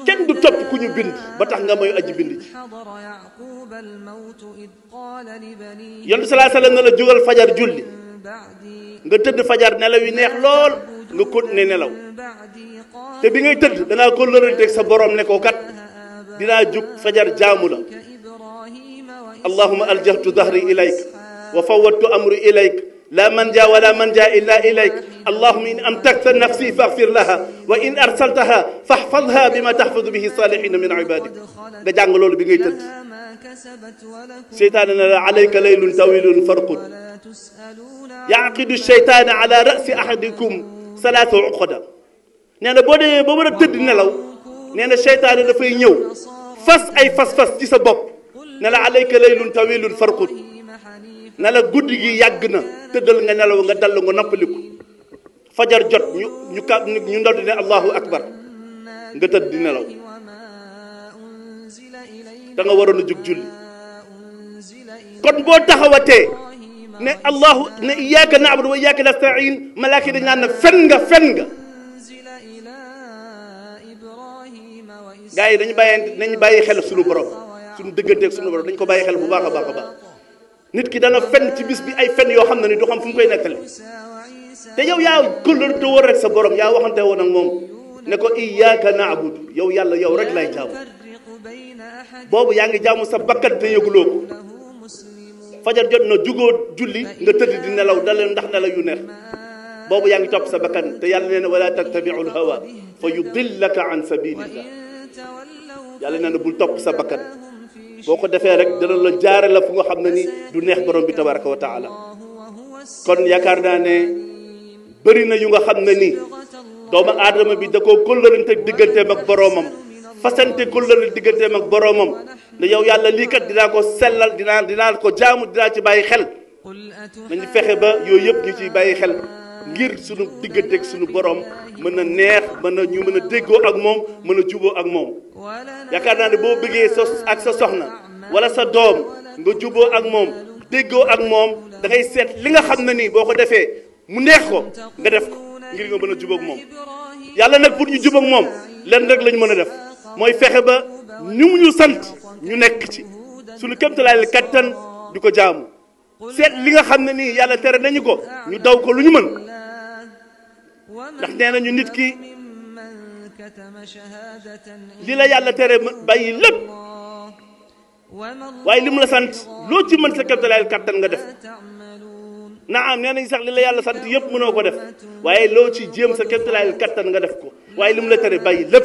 kenn du topp ku ñu bind ba tax nga mooy aji bind ji yonent sallallahu alayhi fajar julli nga tëdd fajar nelaw yi neex lool nga continuer nelaw te bi ngay tëdd danaa ko lëranteeg sa borom ne ko kat dinaa jug fajar jaamu allahuma aljahtu dahri ilayk wa fawattu amri ilayk la manja wala manja illa ilayk allahuma in amtakta nafsi faghfir laha wa in arsaltaha fahfadha bima tahfadu bihi salihina min ibadik nga jàng loolu bi ngay tëdd seytaane ne la alayka laylun tawilun farqud yaaqidu seytaane ala rasi ahadikum salaata uqada nee na boo demee ba war a tëdd nelaw nee na seytaane dafay ñëw fas ay fas-fas ci sa bopp ne la alayka laylun tawilun farqut ne la guddi gi yàgg na tëddal nga nelaw nga dall nga noppaliku fajar jot ñu ñu ka ñu ndodd ne allahu akbar nga tëdd di nelaw da nga waroon jug jóg julli kon boo taxawatee ne allahu na iyyaka na'budu wa iyyaka nasta'in malaaka dañ naan na fen nga fen nga gars yi dañu bàyyi nañu bàyyi xel suñu borom suñu dëgganteeg suñu borom dañ ko bàyyi xel bu baax a baax a nit ki dana fen ci bis bi ay fen yoo xam ne ni du xam fu mu koy nettali te yow yaa kóllërte woon rek sa boroom yaa waxante woon ak moom ne ko iyyaka na'budu yow yàlla yow rek lay jaamu boobu yaa ngi jaamu sa bakkat te yëguloo ko fajar jot na jugoo julli nga tëdd di nelaw dala ndax nelaw yu neex boobu yaa ngi topp sa bakkan te yàlla nee na wala tattabi'u l-hawa fa yudillaka an sabilillah yàlla nee na bul topp sa bakkan boo ko defee rek dana la jaare la fu nga xam na ni du neex borom bi tabaraka wa taala kon yaakaar naa ne bëri na yu nga xam ne ni doomu adama bi da koo kóllërante digganteem ak boroomam fasante kóllëre digganteem ak boroomam ne yow yàlla lii kat dinaa ko sellal dinaa dinaa ko jaamu dinaa ci bàyyi xel nañu fexe ba yooyu yëpp ñu ciy bàyyi xel ngir sunu digga ak suñu borom mën na neex mën na ñu mën a déggoo ak moom mën a juboo ak moom yaakaar naa ne boo bëggee sa ak sa soxna wala sa doom nga juboo ak moom déggoo ak moom da seet li nga xam ne nii boo ko defee mu neex ko nga def ko ngir nga mën na juboo moom yàlla nag pour ñu juboo moom lenn rek la mën a def mooy fexe ba ñu mu ñu sant ñu nekk ci sunu kéemtalaay kattan du ko jaamu seet li nga xam ne nii yàlla tere nañu ko ñu daw ko lu ñu mën ndax nee nañu nit ki li la yàlla tere bàyyi lépp waaye li mu sant loo ci mën sa kéemtalaayal kàttan nga def naam nee nañ sax li la yàlla sant yëpp mënoo ko def waaye loo ci jéem sa kéemtalaayal kàttan nga def ko waaye li mu la tere bàyyi lépp.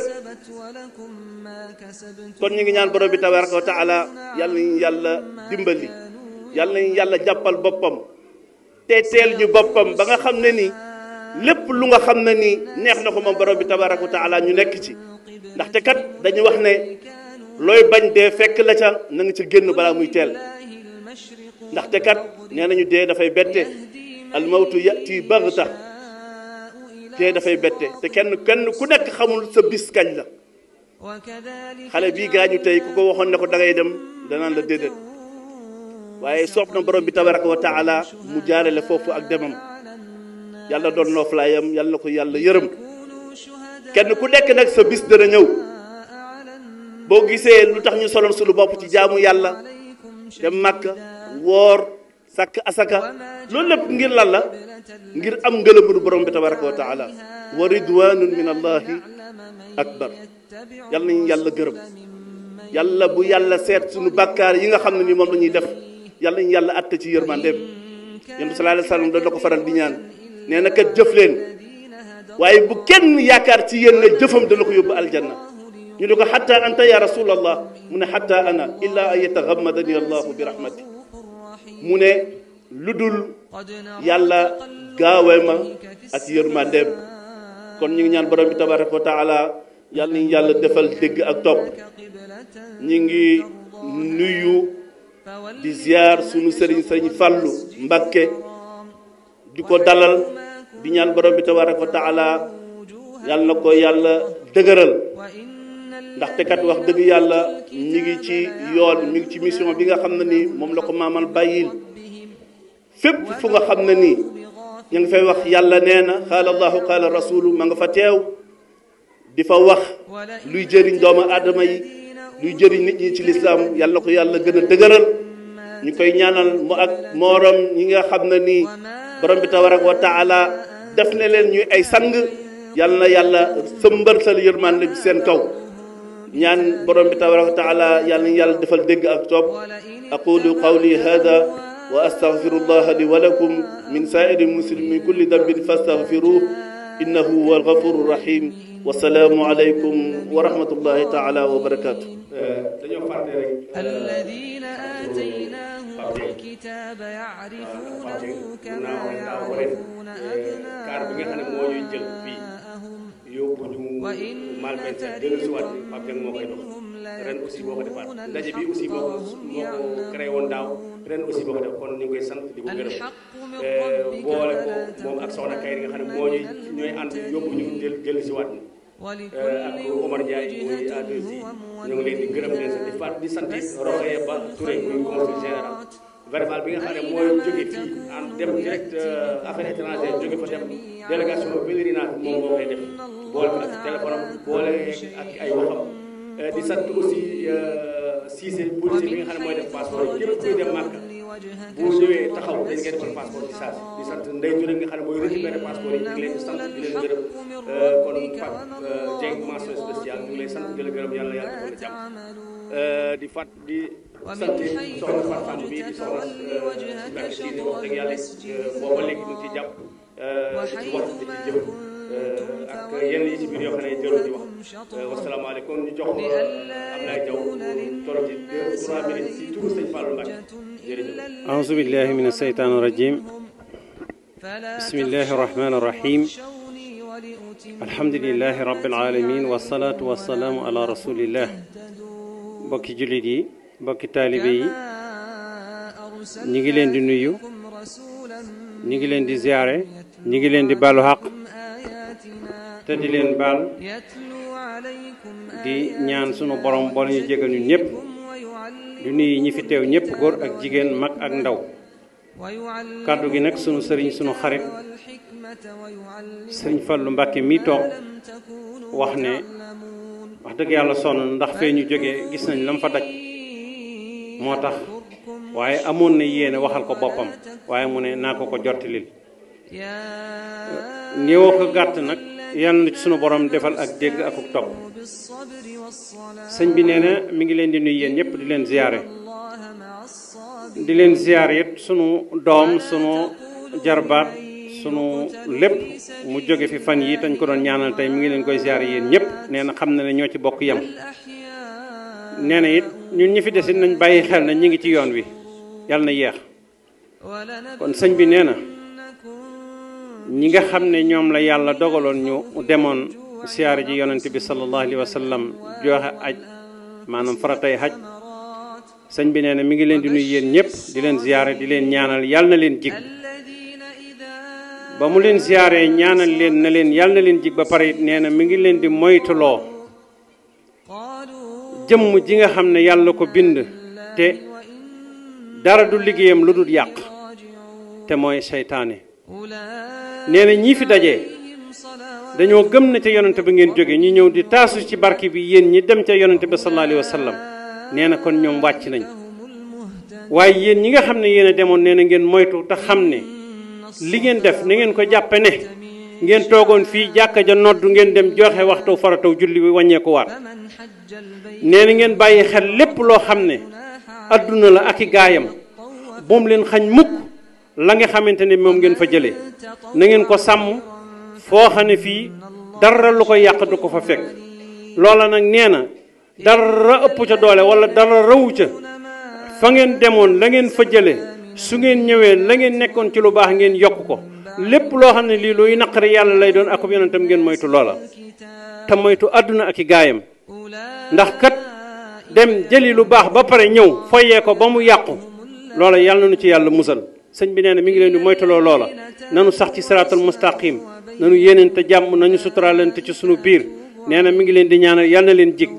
kon ñu ngi ñaan borom bi tabaraka wa taala yàlla nañu yàlla dimbali. yàlla nañu yàlla jàppal boppam te teel ñu boppam ba nga xam ne ni lépp lu nga xam ne ni neex na ko moom borom bi tabaraka wa ñu nekk ci ndaxte kat dañuy wax ne looy bañ dee fekk la ca na nga ca génn balaa muy teel ndaxte kat nee nañu dee dafay bette al mawtu yati bagta dee dafay bette te kenn kenn ku nekk xamul sa bis kañ la xale bii gaañu tey ku ko waxoon ne ko dangay dem danaan la déedéet waaye soob na borom bi tabaraka wa taala mu jaarale foofu ak demam yàlla doon nooflaayam yàlla na ko yàlla yërëm kenn ku nekk nag sa bis dana ñëw boo gisee lu tax ñu soloon suñu bopp ci jaamu yàlla dem màkka woor sàkk asaka loolu lépp ngir lan ngir am ngërëmu borom bi tabaraka wa taala wa ridwanun min allahi akbar yàlla nañu yàlla gërëm yàlla bu yàlla seet suñu bàkkaar yi nga xam ne ni moom la ñuy def yàlla ñu yàlla atte ci yërmandeem yonent bi sallallahu alayhi wa sallam da ko faral di ñaan nee na kat jëf waaye bu kenn yaakaar ci yéen ne jëfam dana ko yóbbu aljanna ñu ne ko xatta anta ya rasulallah mu ne xatta ana illa an yataxammadani allahu bi rahmati mu ne lu dul yàlla gaawee ma ak yërmandeem kon ñu ngi ñaan borom bi tabaraka wa taala yàlla nañu yàlla defal dégg ak topp ñu ngi nuyu di ziar sunu sëriñ sëriñ fàllu mbakke di ko dalal di ñaan borom bi tabaraka wa taala yal na ko yàlla dëgëral ndaxte kat wax dëgg yàlla mi ngi ci yoon mi ngi ci mission bi nga xam na ni moom la ko maamal bàyyil fépp fu nga xam ne nii ñu ngi fay wax yàlla nee na qaala allahu qaala rasulu ma nga fa teew di fa wax luy jëriñ doomu aadama yi luy jëriñ nit ñi ci lislaam yàlla ko yàlla gën a dëgëral ñu ko ñaanal mu ak moorom ñi nga xam ne bi tabaraka wa taala def ne leen ñuy ay sang yal na yàlla sëmbërtal yërmande bi seen kaw ñaan borom bi tabaraka wa taala yàlla na yàlla defal dégg ak topp aqulu qawli hada wa astaghfirullah li wa lakum min saa'iri muslimin kulli dambin fastaghfiruhu innahu huwa alghafuru rahim wasalaamu aleykum wa rahmatullahi taala wa barakaatu. dañoo fàtte rek. alladina euh, aataynaahum alkitaaba yarifuunahu kama yarifuuna abnaahum kaar bi nga xam ne moo ñuy jël fii yóbbu ñu mal benn déllu si waat Pape Dieng moo koy dox ren aussi boo ko defaat ndaje bi aussi boo ko moo ko créé woon daaw ren aussi boo ko def kon ñu ngi koy sant di ko gërëm euh, boole ko moom ak soxna Kay nga xam ne moo ñuy ñooy ànd yóbbu ñu jël jël si waat ak Omar Ndiaye muy A2S ñu ngi leen di gërëm leen di fàtt di sant Rokhaya Ba Touré muy conseil général verbal bi nga xam ne mooy jóge fii en dem direct euh, affaire étranger jóge fa dem délégation pèlerinage moom moo koy def boole ak téléphone boole ak ay waxam euh, di sant aussi euh, Cissé policier bi nga xam ne mooy def passeport yi képp kuy dem Màkka boo ñëwee taxaw dañ ngeen jox passeport ci saasi di sant ndey ñu rek nga xam ne mooy récupéré passeport yi ñu ngi leen di sant di euh, kon Pape euh, Dieng mention spéciale ñu ngi di la gërëm yàlla yàlla euh, fat di sant soxna yàlla booba léegi ñu ci jàpp di ci wax di ci jëm ak yenn yi ci biir yoo xam ne jarul wax wasalaamaaleykum ñu jox Ablaye Diaw toog ci 3 minutes ci turu sëñ Fallou أعوذ بالله من الشيطان الرجيم بسم الله الرحمن الرحيم الحمد لله رب العالمين والصلاة والسلام على رسول الله mbokki jullit yi ngi leen di nuyu ñi ngi leen di ziyaare ñi ngi leen di baalu xaq te di leen baal di ñaan sunu borom boo ñu jégal ñun ñëpp di nuyu ñi fi teew ñëpp góor ak jigéen mag ak ndaw kàddu gi nag sunu sëriñ sunu xarit sëriñ lu Mbàkke mi toog wax ne wax dëgg yàlla sonn ndax fee ñu jógee gis nañ lam fa daj moo tax waaye amoon na yéene waxal ko boppam waaye mu ne naa ko ko jottilil néewoo ko gàtt nag yàlla na sunu borom defal ak dégg ak topp sëñ bi nee na mi ngi leen di nuyu yéen ñëpp di leen ziyaare di leen ziyaare it sunu doom sunu jarbaat sunu lépp mu jóge fi fan yi tañ ko doon ñaanal tey mi ngi leen koy ziyaare yéen ñëpp nee na xam na ne ñoo ci bokk yem nee it ñun ñi fi desit nañ bàyyi xel na ñu ngi ci yoon wi yàlla na yeex kon sëñ bi nee ñi nga xam ne ñoom la yàlla dogaloon ñu demoon siyaare ji yonent bi sallallahu alayhi wa sallam joxe aj maanaam faratay haj sëñ bi nee na mi ngi leen di nuyu yéen ñëpp di leen ziyaare di leen ñaanal yàlla na leen jig ba mu leen ziyaare ñaanal leen na leen yàlla leen jig ba pare nee na mi ngi leen di moytuloo jëmm ji nga xam ne yàlla ko bind te dara du liggéeyam lu dul yàq te mooy seytaane nee na fi daje. dañoo gëm na ca yonante ba ngeen jóge ñu ñëw di taasu ci barke bi yéen ñi dem ca yonante ba sallallahu alayhi wa sallam nee na kon ñoom wàcc nañ waaye yéen ñi nga xam ne yéen a demoon nee na ngeen moytu te xam ne li ngeen def na ngeen ko jàppe ne ngeen toogoon fii jàkka ja noddu ngeen dem joxe waxtu farataw julli bi wàññeeku waat nee na ngeen bàyyi xel lépp loo xam ne adduna la ak i gaayam boom leen xañ mukk la nga xamante ne moom ngeen fa jëlee na ngeen ko sàmm foo xam ne fii dara lu ko yàq du ko fa fekk loola nag nee na dara ëpp ca doole wala dara rawu ca fa ngeen demoon la ngeen fa jëlee su ngeen ñëwee la ngeen nekkoon ci lu baax ngeen yokk ko lépp loo xam ne lii luy naqari yàlla lay doon akub yonentam ngeen moytu loola te moytu àdduna ak i gaayam ndax kat dem jëli lu baax ba pare ñëw foyee ko ba mu yàqu loola yàlla na nu ci yàlla musal sëñ bi nee na mu ngi leen di moytuloo loola nanu sax ci siraatal nañu te jàmm nañu suturaalante ci sunu biir nee na mi ngi leen di ñaanal yal na leen jig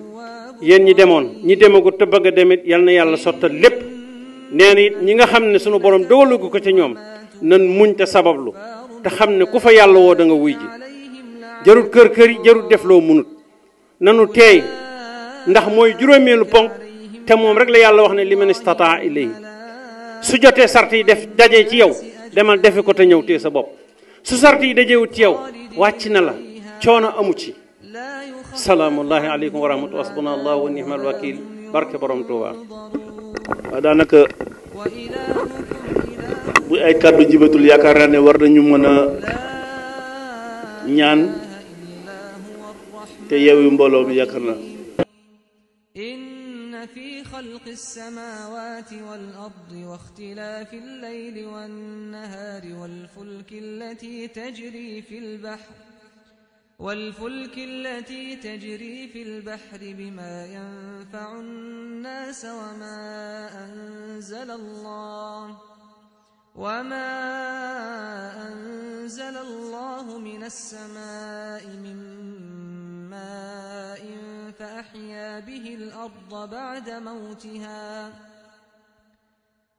yéen ñi demoon ñi demagut te bëgg a demit yal na yàlla sottal lépp nee na it ñi nga xam ne sunu borom dogalagu ko ci ñoom nan muñ te sabablu te xam ne ku fa yàlla woo danga wuy ji jarut kër kër yi jarut def loo munut nanu teey ndax mooy juróomeelu ponk te moom rek la yàlla wax ne li man istataa ilayhi su jotee sart yi def daje ci yow demal defi ko te ñëw téye sa bopp su sart yi dajewut ci wàcc na la coono amu ci salaamullahi aleykum wa rahmatulah asbuna allah wa nihmal daanaka bu ay kàddu jibatul yaakaar naa ne war nañu mën a ñaan te yeewu mbooloo mi yaakaar naa يسبحون في خلق السماوات والأرض واختلاف الليل والنهار والفلك التي تجري في البحر والفلك التي تجري في البحر بما ينفع الناس وما أنزل الله وما أنزل الله من السماء من ماء فأحيا به الأرض بعد موتها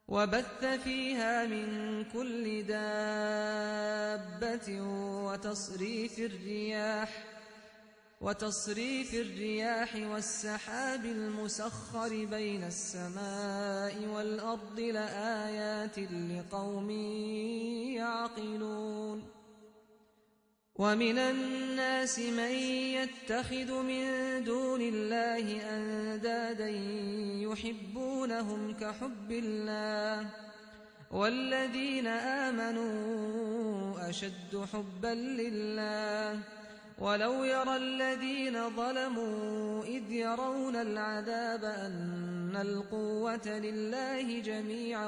وبث فيها من كل دابة وتصريف الرياح وتصريف الرياح والسحاب المسخر بين السماء والأرض لآيات لقوم يعقلون ومن الناس من يتخذ من دون الله أندادا يحبونهم كحب الله والذين آمنوا أشد حبا لله ولو يرى الذين ظلموا إذ يرون العذاب أن القوة لله جميعا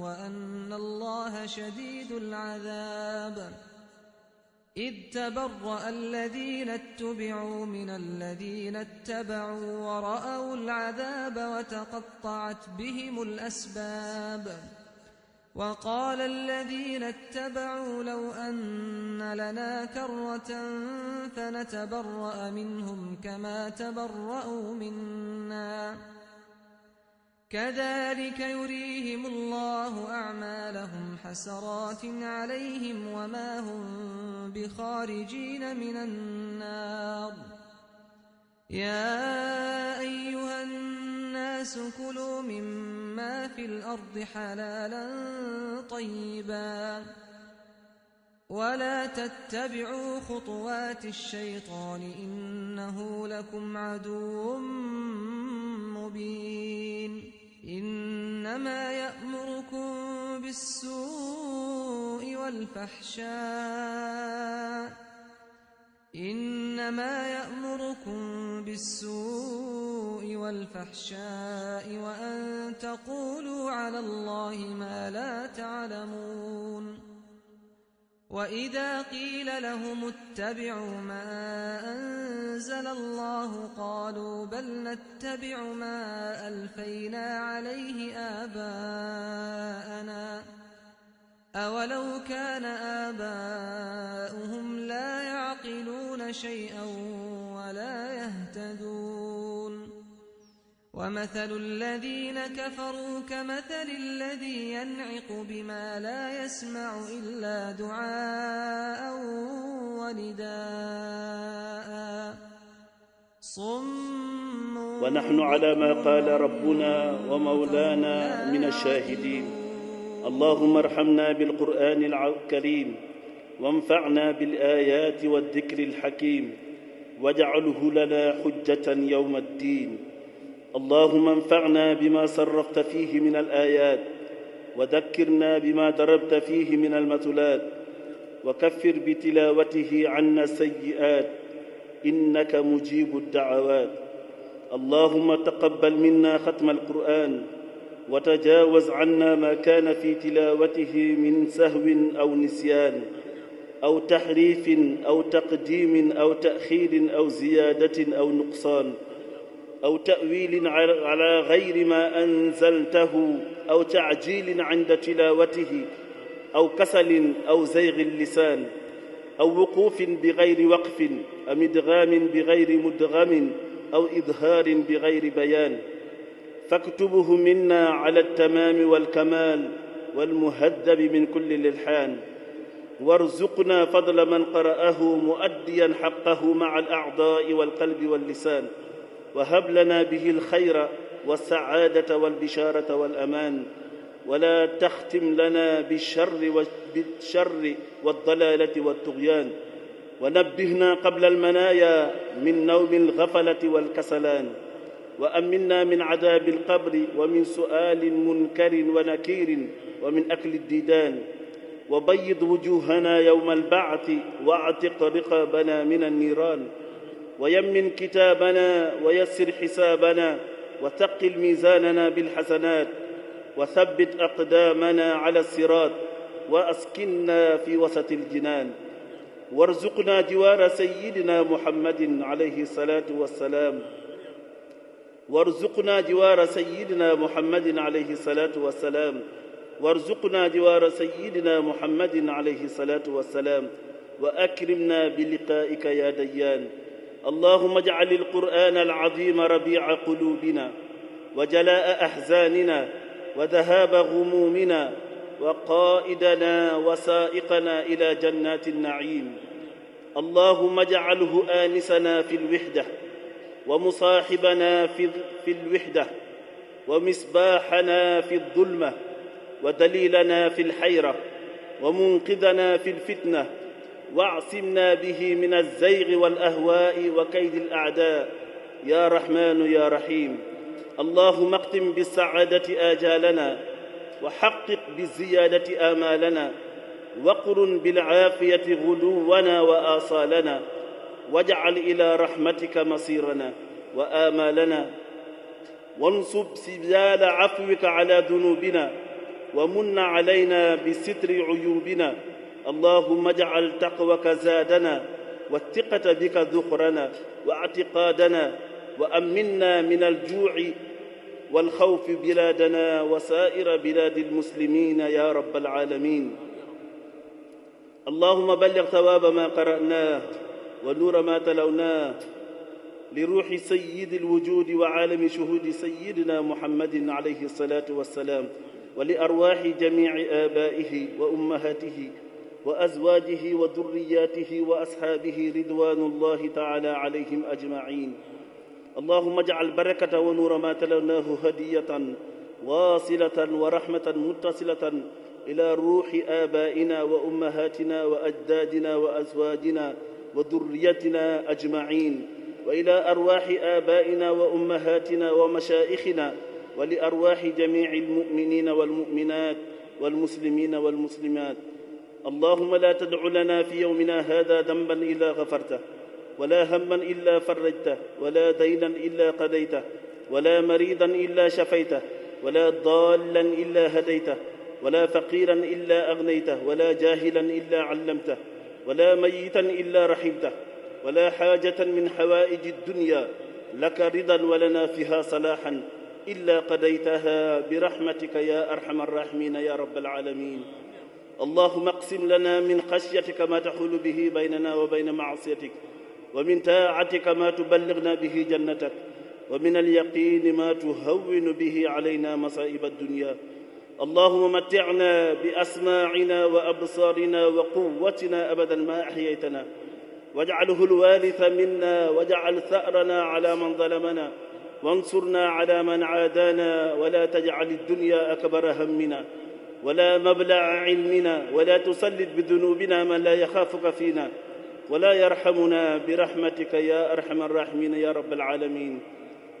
وأن الله شديد العذاب إذ تبرأ الذين اتبعوا من الذين اتبعوا ورأوا العذاب وتقطعت بهم الأسباب وقال الذين اتبعوا لو أن لنا كرة فنتبرأ منهم كما تبرأوا منا كذلك يريهم الله أعمالهم حسرات عليهم وما هم بخارجين من النار يا أيها الناس كلوا مما في الأرض حلالا طيبا ولا تتبعوا خطوات الشيطان إنه لكم عدو مبين إنما يأمركم بالسوء والفحشاء إنما يأمركم بالسوء والفحشاء وأن تقولوا على الله ما لا تعلمون وإذا قيل لهم اتبعوا ما أنزل الله قالوا بل نتبع ما ألفينا عليه آباءنا أولو كان آباؤهم لا يعقلون شيئا ولا يهتدون ومثل الذين كفروا كمثل الذي ينعق بما لا يسمع إلا دعاء ونداء صم ونحن على ما قال ربنا ومولانا من الشاهدين اللهم ارحمنا بالقرآن الكريم وانفعنا بالآيات والذكر الحكيم واجعله لنا حجة يوم الدين اللهم انفعنا بما صرفت فيه من الايات وذكرنا بما دربت فيه من المثلات وكفر بتلاوته عنا السيئات انك مجيب الدعوات اللهم تقبل منا ختم القران وتجاوز عنا ما كان في تلاوته من سهو او نسيان او تحريف او تقديم او تاخير او زياده او نقصان أو تأويل على غير ما أنزلته أو تعجيل عند تلاوته أو كسل أو زيغ اللسان أو وقوف بغير وقف أم إدغام بغير مدغم أو إظهار بغير بيان فاكتبه منا على التمام والكمال والمهذب من كل الإلحان وارزقنا فضل من قرأه مؤديا حقه مع الأعضاء والقلب واللسان وهب لنا به الخير والسعاده والبشاره والامان ولا تختم لنا بالشر بالشر والضلاله والطغيان ونبهنا قبل المنايا من نوم الغفله والكسلان وامنا من عذاب القبر ومن سؤال منكر ونكير ومن اكل الديدان وبيض وجوهنا يوم البعث واعتق رقابنا من النيران ويمن كتابنا ويسر حسابنا وثقل ميزاننا بالحسنات وثبت اقدامنا على الصراط واسكنا في وسط الجنان وارزقنا جوار سيدنا محمد عليه الصلاه والسلام وارزقنا جوار سيدنا محمد عليه الصلاه والسلام وارزقنا جوار سيدنا محمد عليه الصلاه والسلام واكرمنا بلقائك يا ديان اللهم اجعل القران العظيم ربيع قلوبنا وجلاء احزاننا وذهاب غمومنا وقائدنا وسائقنا الى جنات النعيم اللهم اجعله انسنا في الوحده ومصاحبنا في الوحده ومصباحنا في الظلمه ودليلنا في الحيره ومنقذنا في الفتنه واعصمنا به من الزيغ والاهواء وكيد الاعداء يا رحمن يا رحيم اللهم اقتم بالسعاده اجالنا وحقق بالزياده امالنا وقرن بالعافيه غدونا واصالنا واجعل الى رحمتك مصيرنا وامالنا وانصب سبيال عفوك على ذنوبنا ومن علينا بستر عيوبنا اللهم اجعل تقوك زادنا والثقة بك ذخرنا واعتقادنا وأمنا من الجوع والخوف بلادنا وسائر بلاد المسلمين يا رب العالمين اللهم بلغ ثواب ما قرأناه ونور ما تلوناه لروح سيد الوجود وعالم شهود سيدنا محمد عليه الصلاة والسلام ولأرواح جميع آبائه وأمهاته وأزواجه وذرياته وأصحابه رضوان الله تعالى عليهم أجمعين اللهم اجعل بركة ونور ما تلوناه هدية واصلة ورحمة متصلة إلى روح آبائنا وأمهاتنا وأجدادنا وأزواجنا وذريتنا أجمعين وإلى أرواح آبائنا وأمهاتنا ومشائخنا ولأرواح جميع المؤمنين والمؤمنات والمسلمين والمسلمات اللهم لا تدع لنا في يومنا هذا ذنبا الا غفرته ولا هما الا فرجته ولا دينا الا قضيته ولا مريضا الا شفيته ولا ضالا الا هديته ولا فقيرا الا اغنيته ولا جاهلا الا علمته ولا ميتا الا رحمته ولا حاجه من حوائج الدنيا لك رضا ولنا فيها صلاحا الا قضيتها برحمتك يا ارحم الراحمين يا رب العالمين اللهم اقسم لنا من خشيتك ما تحول به بيننا وبين معصيتك ومن طاعتك ما تبلغنا به جنتك ومن اليقين ما تهون به علينا مصائب الدنيا اللهم متعنا باسماعنا وابصارنا وقوتنا ابدا ما احييتنا واجعله الوارث منا واجعل ثارنا على من ظلمنا وانصرنا على من عادانا ولا تجعل الدنيا اكبر همنا ولا مبلغ علمنا ولا تسلط بذنوبنا من لا يخافك فينا ولا يرحمنا برحمتك يا ارحم الراحمين يا رب العالمين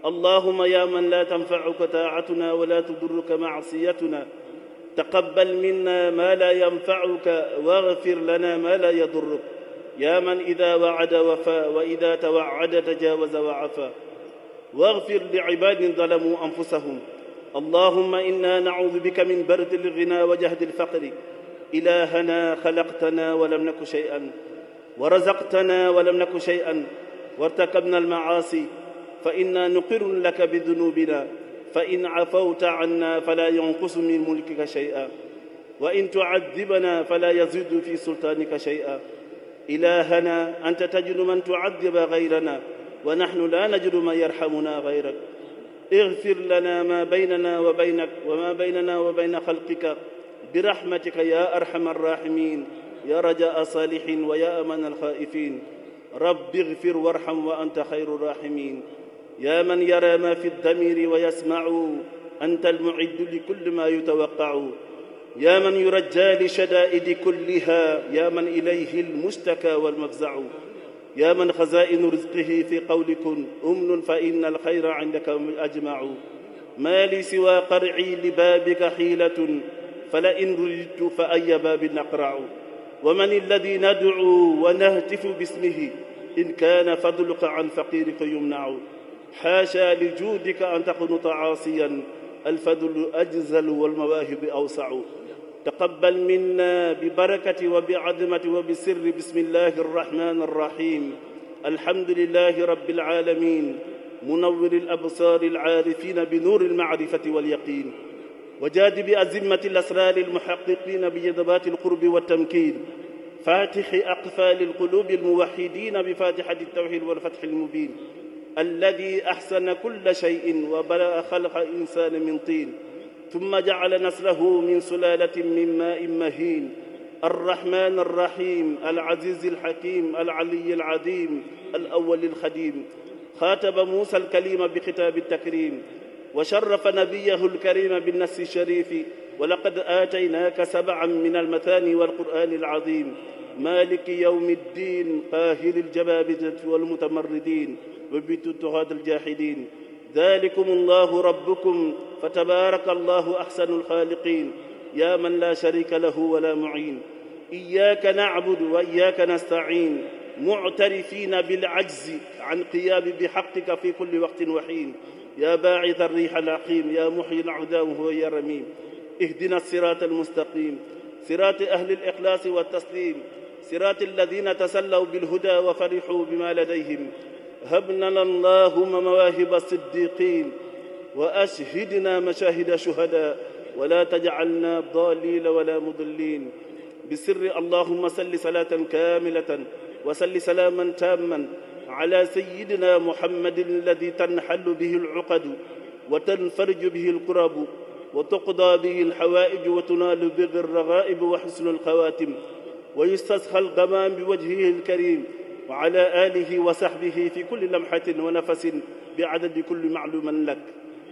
اللهم يا من لا تنفعك طاعتنا ولا تضرك معصيتنا تقبل منا ما لا ينفعك واغفر لنا ما لا يضرك يا من اذا وعد وفى واذا توعد تجاوز وعفى واغفر لعباد ظلموا انفسهم اللهم انا نعوذ بك من برد الغنى وجهد الفقر الهنا خلقتنا ولم نك شيئا ورزقتنا ولم نك شيئا وارتكبنا المعاصي فانا نقر لك بذنوبنا فان عفوت عنا فلا ينقص من ملكك شيئا وان تعذبنا فلا يزيد في سلطانك شيئا الهنا انت تجد من تعذب غيرنا ونحن لا نجد من يرحمنا غيرك اغفر لنا ما بيننا وبينك وما بيننا وبين خلقك برحمتك يا ارحم الراحمين يا رجاء صالح ويا امن الخائفين رب اغفر وارحم وانت خير الراحمين يا من يرى ما في الضمير ويسمع انت المعد لكل ما يتوقع يا من يرجى لشدائد كلها يا من اليه المشتكى والمفزع yaa man xazaa'inu rizqihi fi qawlikun umnun fa inna alxayra indaka ajmacu maa li siwaa qarci li baabika xiilatun fala in rujdtu fa aya baabin aqracu wa man alladi nadcu wa nahtifu bismihi in kaana fadluka an faqirika yumnacu xaasha li juudika an taxnuta caasiyan alfadlu ajzalu walmawaahibu awsacu taqabbal minna bi barakati wa bi azamati wa bi sirri bismillahi arrahmani arrahim alhamdulillahi rabbil alamin munawwiri al-absaari al-aarifiina bi nuuri al-maarifati wal-yaqiin wa jaadi bi azimmati al-asraari al-muhaqqiqiina bi jadabaati al-qurbi wat-tamkiin faatixi aqfaali al-quluubi al-muwahhidiina bi faatixati at-tawhiid wal-fathi al-mubiin alladii ahsana kulla shay'in wa bala'a xalqa insaana min tiin ثم جعل نسله من سلالة من ماء مهين الرحمن الرحيم العزيز الحكيم العلي العظيم الأول الخديم خاتب موسى الكليم بخطاب التكريم وشرف نبيه الكريم بالنس الشريف ولقد آتيناك سبعا من المثاني والقرآن العظيم مالك يوم الدين قاهر الجبابرة والمتمردين وبيت الجاحدين ذلكم الله ربكم فتبارك الله احسن الخالقين يا من لا شريك له ولا معين اياك نعبد واياك نستعين معترفين بالعجز عن قيام بحقك في كل وقت وحين يا باعث الريح العقيم يا محيي العدام هو يا رميم اهدنا الصراط المستقيم صراط اهل الاخلاص والتسليم صراط الذين تسلوا بالهدى وفرحوا بما لديهم هب لنا اللهم مواهب الصديقين وأشهدنا مشاهد شهداء ولا تجعلنا ضالين ولا مضلين بسر اللهم صل صلاة كاملة وصل سلاما تاما على سيدنا محمد الذي تنحل به العقد وتنفرج به الكرب وتقضى به الحوائج وتنال به الرغائب وحسن الخواتم ويستسخى الغمام بوجهه الكريم وعلى آله وصحبه في كل لمحة ونفس بعدد كل معلوم لك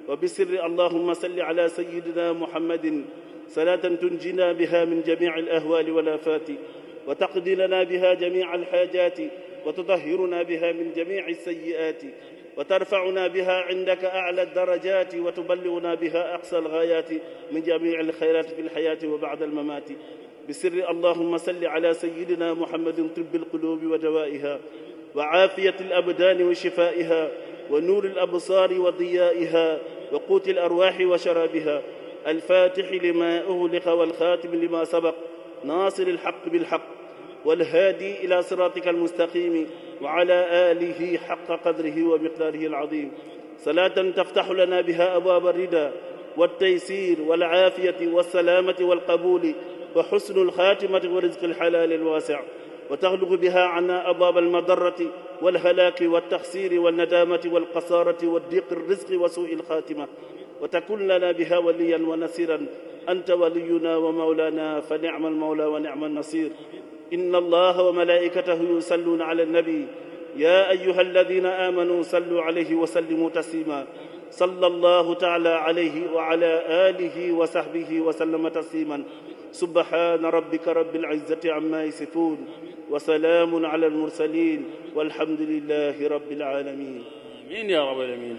وبسر اللهم صل على سيدنا محمد صلاة تنجينا بها من جميع الأهوال والآفات وتقضي لنا بها جميع الحاجات وتطهرنا بها من جميع السيئات وترفعنا بها عندك أعلى الدرجات وتبلغنا بها أقصى الغايات من جميع الخيرات في الحياة وبعد الممات bi sirri allahuma salli ala sayidina muhammadin tibbi alqulubi wa dawaiha wa aafiyati alabdaani wa shifaiha wa nuuri alabsaari wa diyaiha wa quuti alarwaaxi wa sharaabiha alfaatixi lima uxliqa walxaatimi lima sabaq naasiri alxaq bilxaq walhaadi ila siraatika almustaqimi wa ala aalihi xaqa qadrihi wa miqdaarihi alazim salaatan taftaxu lana biha abwaaba alrida waltaysir walcaafiyati walsalaamati walqabuuli وحسن الخاتمة ورزق الحلال الواسع وتغلق بها عنا أبواب المضرة والهلاك والتخسير والندامة والقصارة والضيق الرزق وسوء الخاتمة وتكن لنا بها وليا ونصيرا أنت ولينا ومولانا فنعم المولى ونعم النصير إن الله وملائكته يصلون على النبي يا أيها الذين آمنوا صلوا عليه وسلموا تسليما صلى الله تعالى عليه وعلى آله وصحبه وسلم تسليما subhaana rabbika rabbil izzati amma yasifuun wa salaamun ala almursalin walhamdulillahi rabbil alamin amin ya rabbal alamin